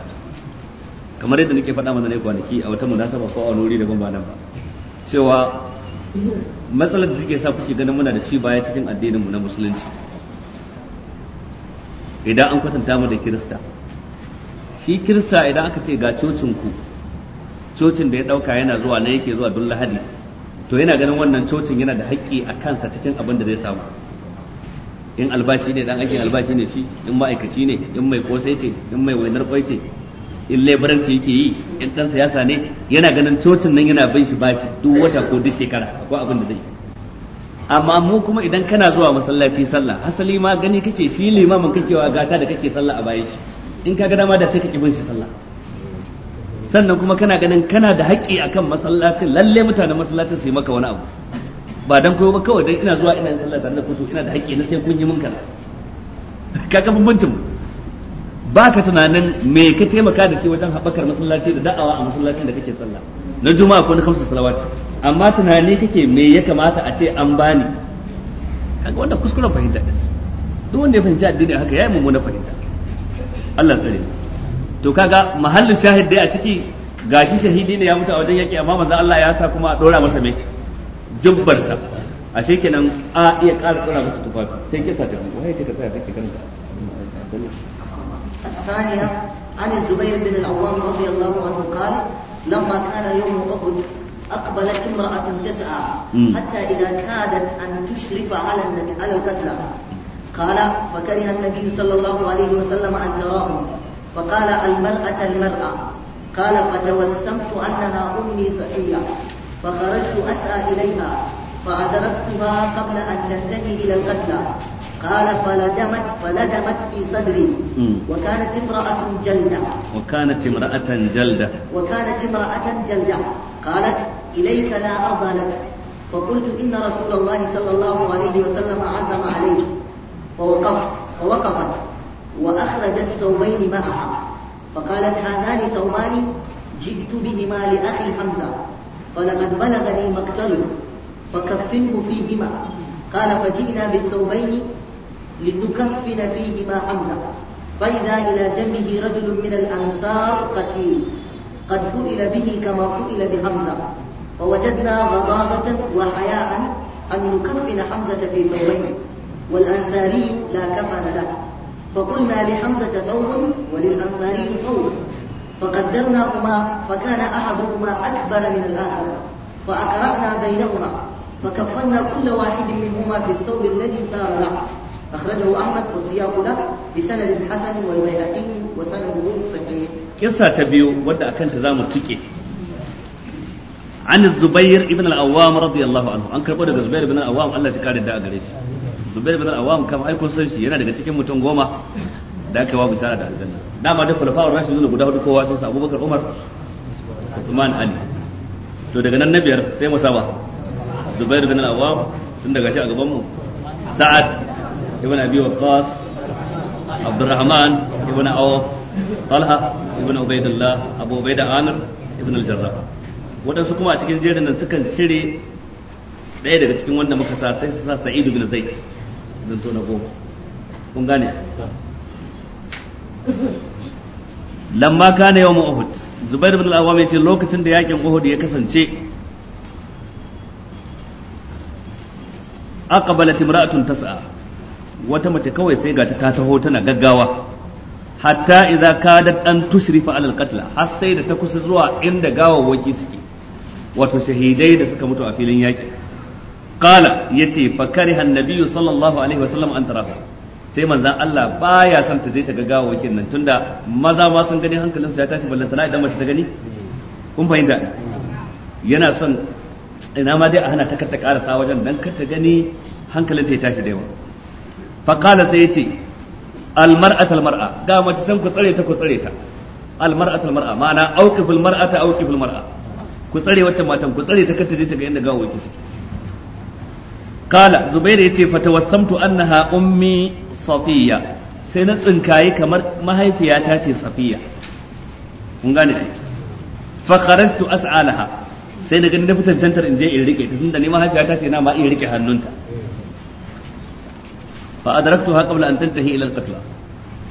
kamar yadda nake faɗa mana ne kwanaki a wata munasaba ko a wani wuri da ba nan ba cewa matsalar da take sa kuke ganin muna da shi baya cikin addinin mu na musulunci idan an kwatanta mu da kirista shi kirista idan aka ce ga cocin ku cocin da ya dauka yana zuwa na yake zuwa dun lahadi to yana ganin wannan cocin yana da haƙƙi a kansa cikin abin da zai samu in albashi ne dan aikin albashi ne shi in ma'aikaci ne in mai kosai ce in mai wainar kwai ce in labaranci yake yi in dan siyasa ne yana ganin cocin nan yana bin shi bashi duk wata ko duk shekara ko abin da zai amma mu kuma idan kana zuwa masallaci sallah hasali ma gani kake shi limamin kake wa gata da kake sallah a bayan shi in ka ga dama da sai kake bin shi sallah sannan kuma kana ganin kana da haƙƙi akan masallacin lalle mutanen masallacin su yi maka wani abu ba dan koyo ba kawai dan ina zuwa ina yin sallah tare da kuto ina da haƙƙi na sai kun yi mun kaza kaga bambancin mu ba ka tunanin me ka taimaka da shi wajen haɓakar masallaci da da'awa a masallacin da kake sallah na juma'a ko na kamsa salawat amma tunani kake me ya kamata a ce an bani kaga wannan kuskuren fahimta din duk wanda ya fahimci addini haka yayi mummuna fahimta Allah tsare to kaga mahallin shahid dai a ciki gashi shahidi ne ya mutu a wajen yaki amma manzo Allah ya sa kuma a dora masa me sa kenan a iya ƙara musu tufafi sai kisa ta ka tsaya kake الثانية عن الزبير بن العوام رضي الله عنه قال لما كان يوم أحد أقبلت امرأة تسعى حتى إذا كادت أن تشرف على النبي على القتلى قال فكره النبي صلى الله عليه وسلم أن تراه فقال المرأة المرأة قال فتوسمت أنها أمي صحية فخرجت أسعى إليها فأدركتها قبل أن تنتهي إلى القتلى قال فلدمت فلدمت في صدري وكانت امرأة جلدة وكانت امرأة جلدة وكانت امرأة جلدة قالت إليك لا أرضى لك فقلت إن رسول الله صلى الله عليه وسلم عزم عليك فوقفت فوقفت وأخرجت ثوبين معها فقالت هذان ثوبان جئت بهما لأخي حمزة فلقد بلغني مقتله فكفنه فيهما قال فجئنا بالثوبين لنكفن فيهما حمزة فإذا إلى جنبه رجل من الأنصار قتيل قد فئل به كما فئل بحمزة ووجدنا غضاضة وحياء أن نكفن حمزة في ثوبين والأنصاري لا كفن له فقلنا لحمزة ثوب وللأنصاري ثوب فقدرناهما فكان أحدهما أكبر من الآخر فأقرأنا بينهما فكفنا كل واحد منهما في الثوب الذي سار له أخرجه أحمد والسياق له بسند حسن والبيهقي وسنده صحيح قصة تبيو ودا أكن تزام تكي عن الزبير ابن الأوام رضي الله عنه أنكر بودا الزبير بن الأوام الله شكاري دا أغريش zubair bin al-awwam kam ai kun san shi yana daga cikin mutum goma da aka wa bishara da aljanna dama da khulafa'ur rashidun guda hudu kowa sun abubakar umar uthman ali to daga nan na biyar sai musaba Zubair bin Awwam tun daga shi a gaban mu Sa'ad ibn Abi Waqqas Abdurrahman ibn Awf Talha ibn Ubaidullah Abu Ubaida Anar ibn al-Jarrah waɗansu kuma a cikin jerin nan sukan cire ɗaya daga cikin wanda muka sa sai su sa Sa'id bin Zaid dan to na goma kun gane lamma kana yawm Uhud Zubair bin al-Awwam yace lokacin da yakin Uhud ya kasance aqbalat imra'atun tas'a wata mace kawai sai gata ta taho tana gaggawa hatta idza kadat an tushrifa alal qatl har sai da ta kusa zuwa inda gawawwaki suke wato shahidai da suka mutu a filin yaki qala yace fa kariha annabiyyu sallallahu alaihi wasallam an tarafa sai manzan Allah baya son ta je ta gaggawa gawawwakin nan tunda maza ma sun gani hankalinsu ya tashi ballantana idan mace ta gani kun fahimta yana son ina ma dai a hana ta karta karasa wajen dan kar ta gani hankalin ta ya tashi da yawa fa qala sai yace al mar'atal mar'a ga mace san ku tsare ta ku tsare ta al mar'atal mar'a ma'ana auqifil mar'ata auqifil mar'a ku tsare wacce matan ku tsare ta karta ta je ta ga inda gawo yake qala zubair yace fa tawassamtu annaha ummi safiya sai na tsinkaye kamar mahaifiyata ce safiya kun gane ai fa kharajtu as'alaha sai na gani na fi cantar in je in rike ta tunda ni ta ce na ma in rike hannunta fa ha qabla an tantahi ila al-qatla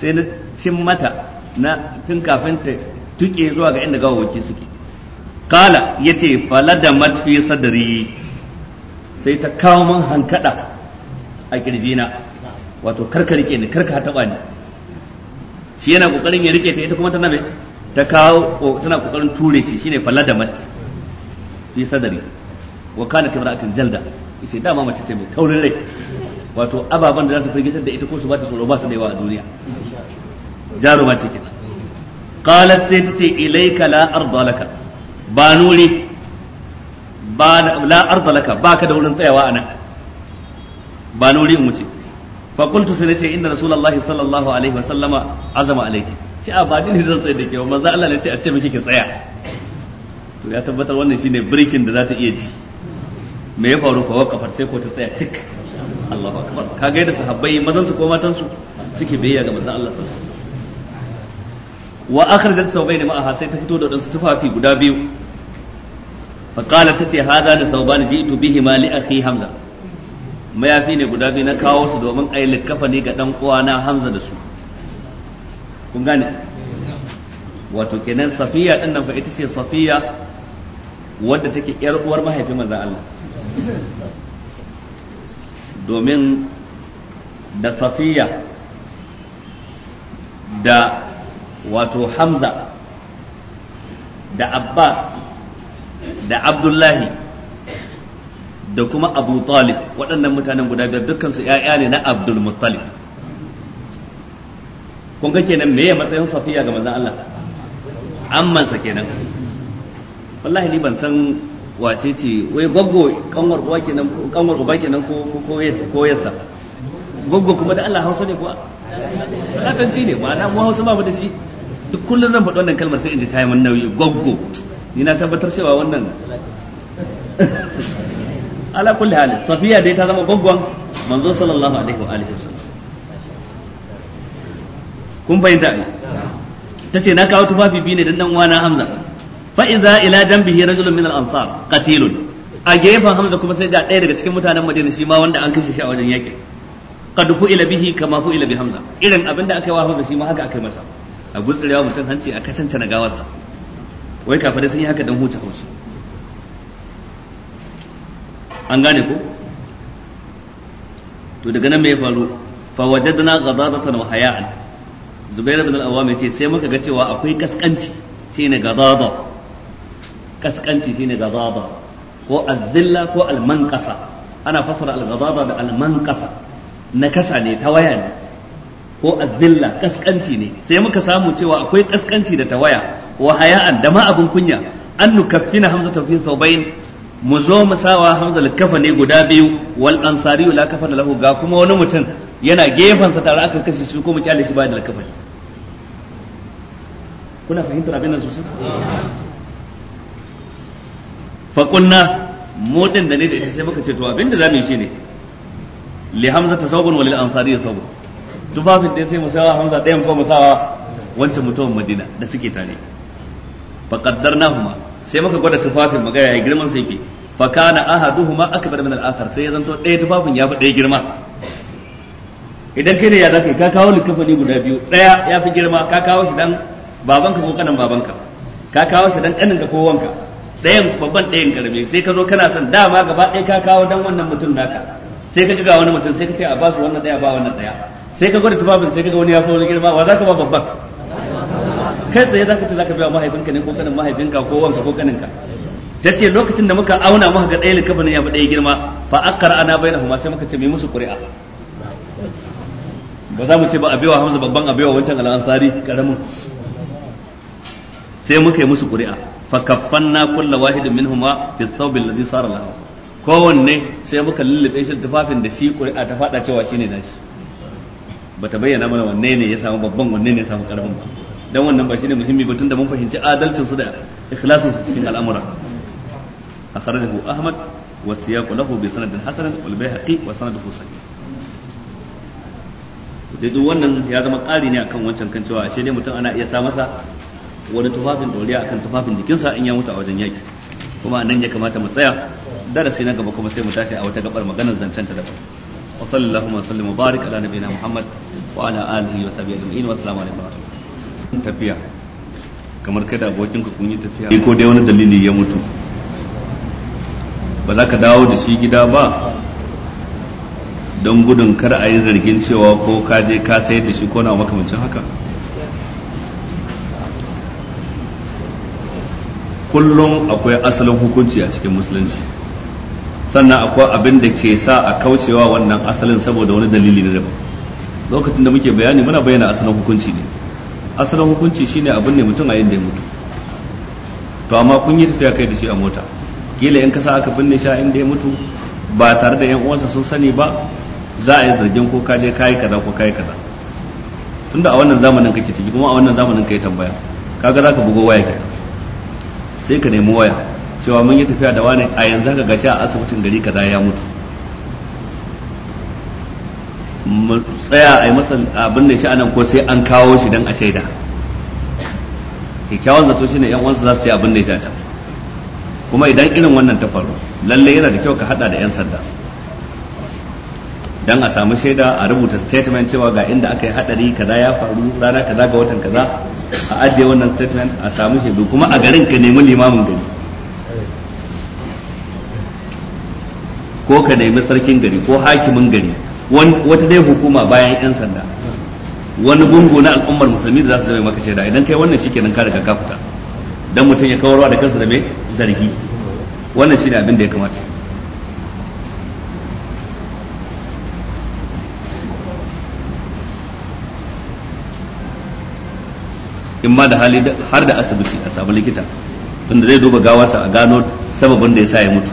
sai na cin mata na tun kafin ta tuke zuwa ga inda gawawaki suke kala yace falada fi sadri sai ta kawo min hankada a kirjina wato karka rike ni karka taba ni shi yana kokarin ya rike ta ita kuma tana mai ta kawo tana kokarin ture shi shine falada mat. fi sadari wa kana imra'atun jalda yace dama mace ce mai taurin rai wato ababan da za su firgitar da ita ko su ba ta tsoro ba su da yawa a duniya jaruma ce kenan qalat sai tace ilayka la arda laka ba nuri ba la arda laka baka da wurin tsayawa anan ba nuri in wuce fa qultu sai nace inna rasulullahi sallallahu alaihi wa sallama azama alayki ce a ba ni zan tsaye da ke manzo Allah ne ce a ce miki ki tsaya to ya tabbatar wannan shine birkin da za ta iya ji me ya faru ko kafar sai ko ta tsaya tik Allahu akbar ka ga da sahabbai mazan su ko matan su suke biyayya ga manzon Allah sallallahu alaihi wasallam wa akhrajat thawbayn ma'aha sai ta fito da wadansu tufafi guda biyu fa qalat tace hada da thawban ji'tu ma li akhi hamza mayafi ne guda biyu na kawo su domin ayi likkafa ne ga dan uwana hamza da su kun gane wato kenan safiya din nan fa ita ce safiya wadda take yar uwar mahaifin manzon Allah domin da safiya da wato hamza da abbas da abdullahi da kuma abu talib waɗannan mutanen guda biyar dukkansu ‘ya'ya ne na abdul muttalib kun ga kenan me ya matsayin safiya ga manzon Allah ammansa kenan wallahi ni ban san wace ce wai gwaggo kanwar uba kenan kanwar uba kenan ko ko ko yasa gwaggo kuma da Allah Hausa ne kuwa lakanci ne na mu Hausa ba mu da shi duk kullum zan faɗi wannan kalmar sai in ji ta yi mun nauyi gwaggo ni na tabbatar cewa wannan [laughs] ala kulli hali safiya dai ta zama gwaggon manzo sallallahu alaihi wa alihi wasallam kun fahimta ai tace na kawo tufafi biyu ne dan dan uwana Hamza fa iza ila al-ansar qatilun a gefen Hamza kuma sai ga ɗaya daga cikin mutanen Madina a wajen yakin qad fu'ila bihi irin abin aka yi wa Hamza shi ma haka aka a gutsurewa a kasance dan ya sai muka ga cewa akwai kaskanci kaskanci shine gazaba ko azilla ko almanqasa ana fasara algazaba da almanqasa nakasa ne tawaya ne ko azilla kaskanci ne sai muka samu cewa akwai kaskanci da tawaya wa haya'an da ma abun kunya an nukaffina hamzatu fi thawbayn mu zo mu sawa hamza likafa ne guda biyu wal ansari la kafa lahu ga kuma wani mutum yana gefansa tare aka kashe shi ko mu kyale shi ba da likafa kuna fahimtar abin nan sosai faƙunna motsin da ne da sai muka ce to abinda zamu mu yi shine li hamza ta sabon walil ansari ya sabu. tufafin dai sai mu sawa hamza ɗayan ko mu sawa wancan mutumin madina da suke tare faƙaddar nahuma sai muka gwada tufafin magana ya girman sai fi kana ahaduhuma akbar min al-akhar sai ya zanto ɗaya tufafin ya fi ɗaya girma idan kai ne ya zaka ka kawo likafani guda biyu ɗaya ya fi girma ka kawo shi dan babanka ko kanan babanka ka kawo shi dan kaninka ko wanka ɗayan babban ɗayan karami sai ka zo kana son dama gaba ɗaya ka kawo dan wannan mutum naka sai ka ga wani mutum sai ka ce a basu wannan ɗaya ba wannan ɗaya sai ka gwada tufafin sai ka ga wani ya fi wani girma wa za ka ba babban kai tsaye za ka ce za ka biya mahaifinka ne ko kanin mahaifinka ko wanka ko kaninka ta ce lokacin da muka auna muka ga ɗaya likafin ya fi ɗaya girma fa akkar ana bai huma sai muka ce mai musu ƙuri'a ba za mu ce ba a biyawa hamza babban a biyawa wancan al'ansari karamin sai muka yi musu ƙuri'a fa kaffanna kulla wahidin minhuma bi thawbil ladhi kowanne sai muka lullube shi tufafin da shi ƙuri'a ta faɗa cewa shine nashi bata bayyana mana wanne ne ya samu babban wanne ne ya samu ba dan wannan ba shine muhimmi ba tunda mun fahimci adalcin su da ikhlasin su cikin al'amura akhrajahu ahmad wa siyaqu lahu bi sanadin hasan wal bayhaqi wa sanaduhu sahih duk wannan ya zama ƙari ne akan wancan kan cewa mutum ana iya sa masa wani tufafin doriya akan tufafin jikinsa in ya mutu a wajen yaki kuma nan ya kamata mu tsaya darasi na gaba kuma sai mu tashi a wata gabar maganar zancen ta daban wa sallallahu wa sallam barik ala nabiyina muhammad wa ala alihi wa sahbihi ajma'in wa assalamu alaikum wa tafiya kamar kai da abokin ka kun yi tafiya ko dai wani dalili ya mutu ba za ka dawo da shi gida ba don gudun kar a yi zargin cewa ko ka je ka sayar da shi ko na makamancin haka kullum akwai asalin hukunci a cikin musulunci sannan akwai abin da ke sa a kaucewa wannan asalin saboda wani dalili na daban lokacin da muke bayani muna bayyana asalin hukunci ne asalin hukunci shine abin ne mutum a yadda ya mutu to amma kun yi tafiya kai da shi a mota kila in kasa aka binne shi a inda ya mutu ba tare da yan uwansa sun sani ba za a yi zargin ko ka je kayi kaza ko kayi kaza tunda a wannan zamanin kake ciki kuma a wannan zamanin kai tambaya kaga zaka bugo waya kenan sai ka nemi waya cewa mun yi tafiya da wani a yanzu haka gashi a asibitin gari kaza ya mutu mu tsaya a yi masa abin da shi anan ko sai an kawo shi dan a shaida kyakkyawan zato shine yan uwansa za su yi abin da ya can kuma idan irin wannan ta faru lalle yana da kyau ka hada da yan sanda dan a samu shaida a rubuta statement cewa ga inda aka yi hadari kaza ya faru rana kaza ga watan kaza a ajiye wannan statement a samu shaidu kuma a garin ka nemi limamin gari ko ka nemi sarkin gari ko hakimin gari wata dai hukuma bayan yan sanda wani gungu na al'ummar musulmi da za su zama maka shaida idan kai wannan shikenan ka riga ka fita dan mutum ya kawarwa da kansa da mai zargi wannan shine abin da ya kamata in ma da hali har da asibiti a samu likita wanda zai duba gawarsa a gano sababin da ya sa ya mutu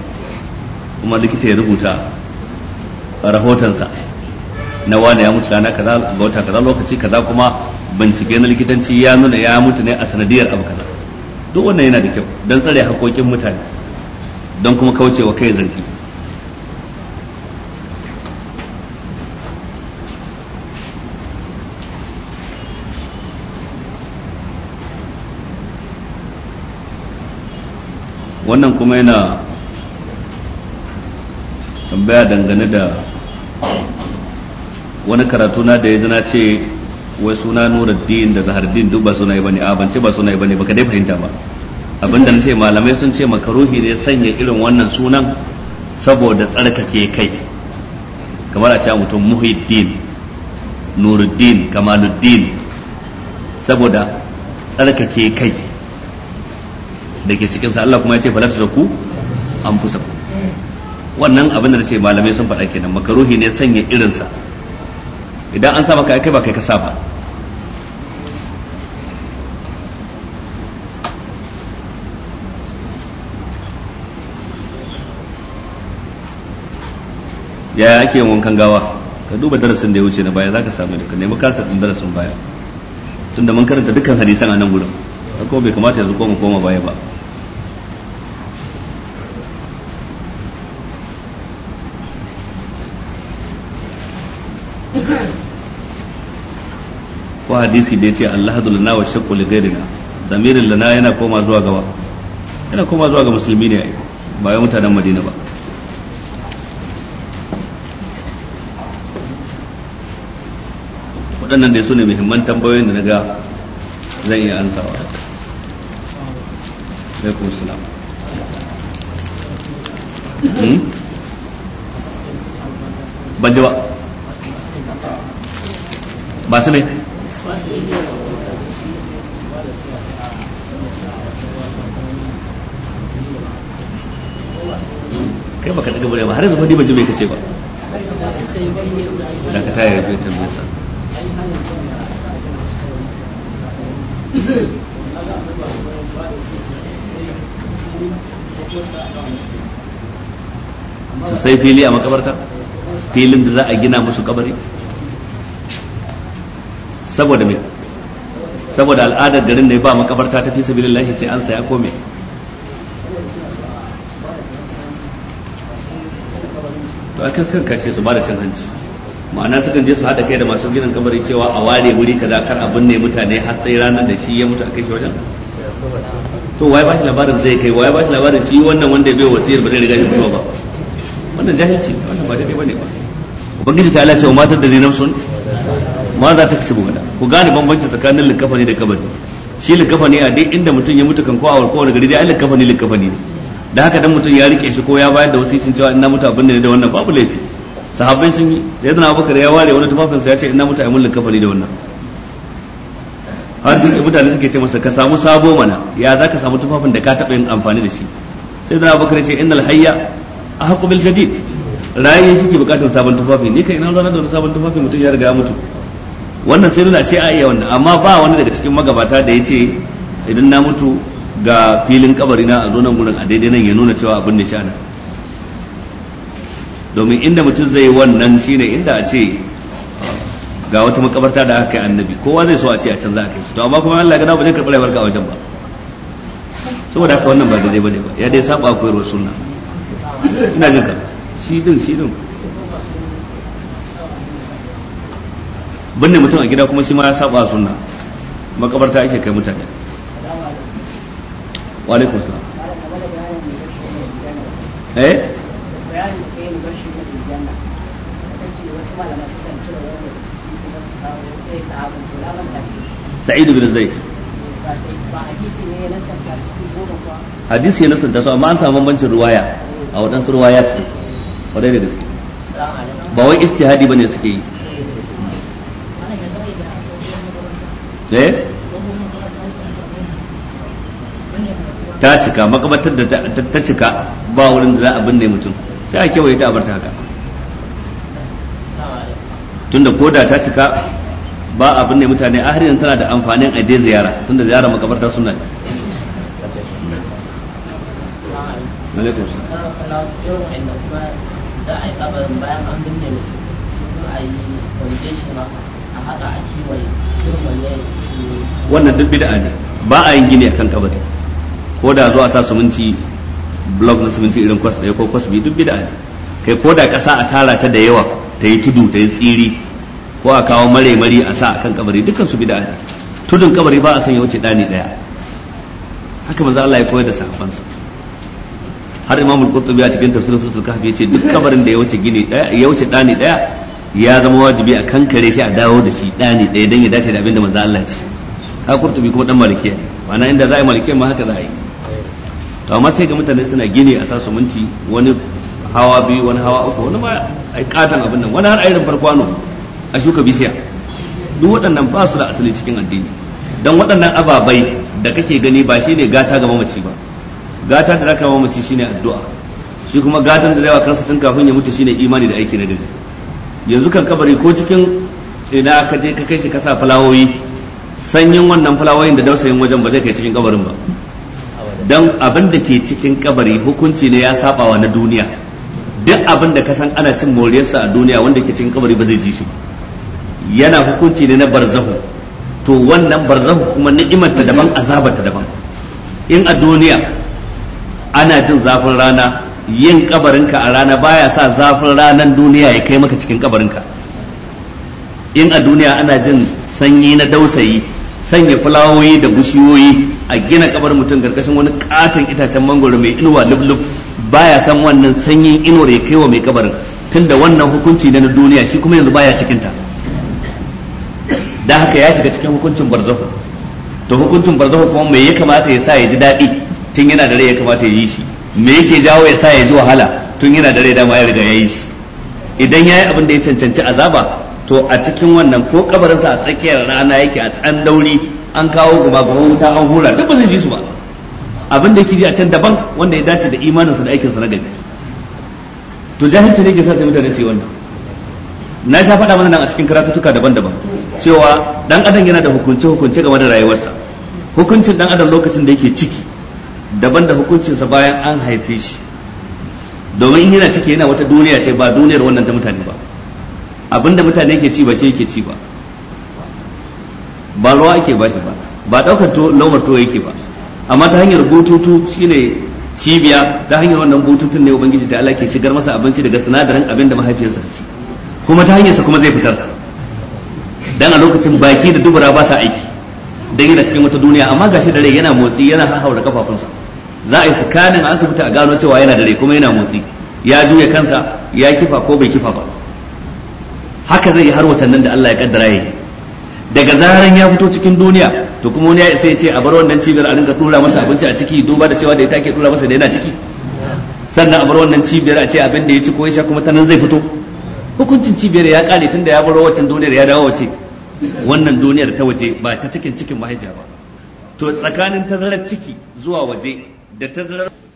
kuma likita ya rubuta rahotonsa na wane ya mutu rana kaza ga wata kaza lokaci kaza kuma bincike na likitanci ya nuna ya mutu ne a sanadiyar abu kaza duk wannan yana da kyau don tsare haƙoƙin mutane don kuma kaucewa kai zargi wannan kuma yana tambaya dangane da wani karatu na da ya zana ce wai suna nuruddin da zahardin duk ba suna yi bane a ban ba suna yi bane baka dai fahimta ba abinda na ce malamai sun ce makaruhi ne sanya irin wannan sunan saboda tsarkake kai kamar a ce mutum muhiddin nuruddin kamaluddin saboda tsarkake kai da ke cikin sa Allah kuma ya ce fala an fusa wannan abin da nace malamai sun faɗa kenan makaruhi ne sanya irin sa idan an saba maka kai ba kai ka saba ya ake yin wankan gawa ka duba darasin da ya wuce na baya zaka samu da ka nemi kasar din darasin baya tunda mun karanta dukkan hadisan a nan gurin ko bai kamata yanzu koma koma baya ba ko hadisi da yace Allah lana wa shakku li ghairina damirin lana yana koma zuwa gaba yana koma zuwa ga musulmi ne ba wai mutanen Madina ba waɗannan dai su ne muhimman tambayoyin da na ga zan iya ansawa alaikum salam hmm? ban ji ba ba su ne kai baka daga bare ba har yanzu ba bai ban kace ba da ka tayar da tambayar sa su sai fili a makabarta filin da za a gina musu kabari saboda me saboda al'adar garin ne ba makabarta ta fi sabilillahi sai an saya kome. to a kan ce su ba da cin hanci ma'ana sukan je su haɗa kai da masu ginin kabari cewa a ware wuri kaza kar a binne mutane har sai ranar da shi ya mutu a kai shi wajen to waye ba shi labarin zai kai waye ba shi labarin shi wannan wanda ya bai wasiyar ba zai riga shi zuwa ba wannan jahilci wannan ba daidai bane ba ubangiji ta lace wa matar da zai nafsun ma za ta kashe gada ku gane bambanci tsakanin likafani da kabari shi likafani a dai inda mutum ya mutu kan ko a warko wani gari dai ai likafani likafani ne da haka dan mutum ya rike shi ko ya bayar da wasicin cewa ina mutu abin da ne da wannan babu laifi sahabbai sun yi sai da abubakar ya ware wani tufafinsa ya ce ina mutu ai mun likafani da wannan har mutane suke ce masa ka samu sabo mana ya za ka samu tufafin da ka taɓa yin amfani da shi sai da abubakar ce innal hayya ahqqu bil jadid rayi shi ke bukatar sabon tufafi ni kai ina zana da sabon tufafi mutum ya riga ya mutu wannan sai nuna ce a iya wannan amma ba wani daga cikin magabata da ya ce idan na mutu ga filin kabari na a zo nan gurin a daidai nan ya nuna cewa abin da shana domin inda mutum zai wannan shine inda a ce ga wata makabarta da aka kai annabi kowa zai so a ce a can za a kai su to amma kuma Allah gana ba zai karɓi rayuwar ga a wajen ba saboda haka wannan ba daidai bane ba ya dai saba koyarwar sunna ina jin ka shi din shi din binne mutum a gida kuma shi ma ya saba sunna makabarta ake kai mutane wa alaikum salam eh سعيد بن زيد hadisi ya nasanta su amma an samu bambancin ruwaya a waɗansu ruwaya su kwarai da gaske ba wai istihadi bane suke eh? ta cika makabatar da ta cika ba wurin da za a binne mutum sai a kewaye ta abarta haka tunda koda ta cika ba abin ne mutane a har yanzu tana da amfanin aje ziyara tunda ziyara makabarta suna ne a wannan duk bid'a ne ba a yin gini a kan kabari ko da zuwa sa suminti blog na suminti irin kwas ɗaya ko kwas biyu duk bid'a ne kai ko da ƙasa a tara ta da yawa ta yi tudu ta yi tsiri ko a kawo mare mari a sa kan kabari dukkan su bid'a ne tudun kabari ba a san ya wuce dani daya haka manzo Allah ya koyar da sahabbansa har imamul Al-Qurtubi a cikin tafsirin Suratul Kahfi yace duk kabarin da ya wuce gini daya ya wuce dani daya ya zama wajibi a kankare shi a dawo da shi dani daya dan ya dace da abin da manzo Allah ya ce ha Qurtubi kuma dan malikiya ma'ana inda za a yi malikiya ma haka za a yi to amma sai ga mutane suna gini a sa suminti wani hawa biyu wani hawa uku wani ma ai katan abin nan wani har a irin farkwano a shuka bishiya duk waɗannan ba su da asali cikin addini don waɗannan ababai da kake gani ba shine gata ga mamaci ba gata da zaka mamaci shine addu'a shi kuma gatan da zai kansa tun kafin ya mutu shine imani da aiki na gari yanzu kan kabari ko cikin ina ka je ka kai shi ka sa fulawoyi sanyin wannan fulawoyin da dausayin wajen ba zai kai cikin kabarin ba don abin da ke cikin kabari hukunci ne ya sabawa na duniya duk abin da ka san ana cin moriyarsa a duniya wanda ke cikin kabari ba zai ji shi ba yana hukunci ne na barzahu to wannan barzahu kuma ni'imar ta daban azabar ta daban in a duniya ana jin zafin rana yin kabarinka a rana baya sa zafin ranan duniya ya kai maka cikin kabarinka in a duniya ana jin sanyi na dausayi sanya fulawoyi da bushiyoyi a gina kabar mutum garkashin wani katon itacen mangoro mai inuwa lublub baya san wannan sanyin inuwar ya kai wa mai kabarin tunda wannan hukunci na duniya shi kuma yanzu baya cikinta dan haka ya shiga cikin hukuncin barzahu to hukuncin barzahu kuma me ya kamata ya sa ya ji daɗi tun yana da rai ya kamata ya yi shi me yake jawo ya sa ya ji wahala tun yana da rai dama ya riga ya yi shi idan ya yi abin da ya cancanci azaba to a cikin wannan ko kabarinsa a tsakiyar rana yake a tsan dauri an kawo gumagumin wuta an hura duk ba zai ji su ba abin da yake ji a can daban wanda ya dace da imaninsa da aikinsa na gari to jahilci ne ke sa sai mutane su yi wannan na sha faɗa mana nan a cikin karatutuka daban-daban cewa dan adam yana da hukunce hukunce game da rayuwarsa hukuncin dan adam lokacin da yake ciki daban da hukuncinsa bayan an haife shi domin yana ciki yana wata duniya ce ba duniyar wannan ta mutane ba abinda mutane ke ci ba shi yake ci ba ba ruwa ake ba shi ba ba daukar to lomar to yake ba amma ta hanyar bututu shine cibiya ta hanyar wannan bututun ne ubangiji ta Allah ke shigar masa abinci daga sinadarin abin da mahaifiyarsa ci kuma ta hanyarsa kuma zai fitar dan a lokacin baki da dubura ba sa aiki dan yana cikin wata duniya amma gashi da rai yana motsi yana hahaura kafafunsa za a yi sikanin asibiti a gano cewa yana da rai kuma yana motsi ya juya kansa ya kifa ko bai kifa ba haka zai yi har watannin da Allah ya kaddara yi daga zaran ya fito cikin duniya to kuma wani ya isa ya ce a bar wannan cibiyar a rinka dura masa abinci a ciki duba da cewa da ita ke dura masa da yana ciki sannan a bar wannan cibiyar a ce abin da ya ci ko ya sha kuma ta nan zai fito hukuncin cibiyar ya kare tun da ya bar wancan duniyar ya dawo wace wannan duniyar ta waje ba ta cikin cikin mahaifiya ba to tsakanin tazarar ciki zuwa waje da tazarar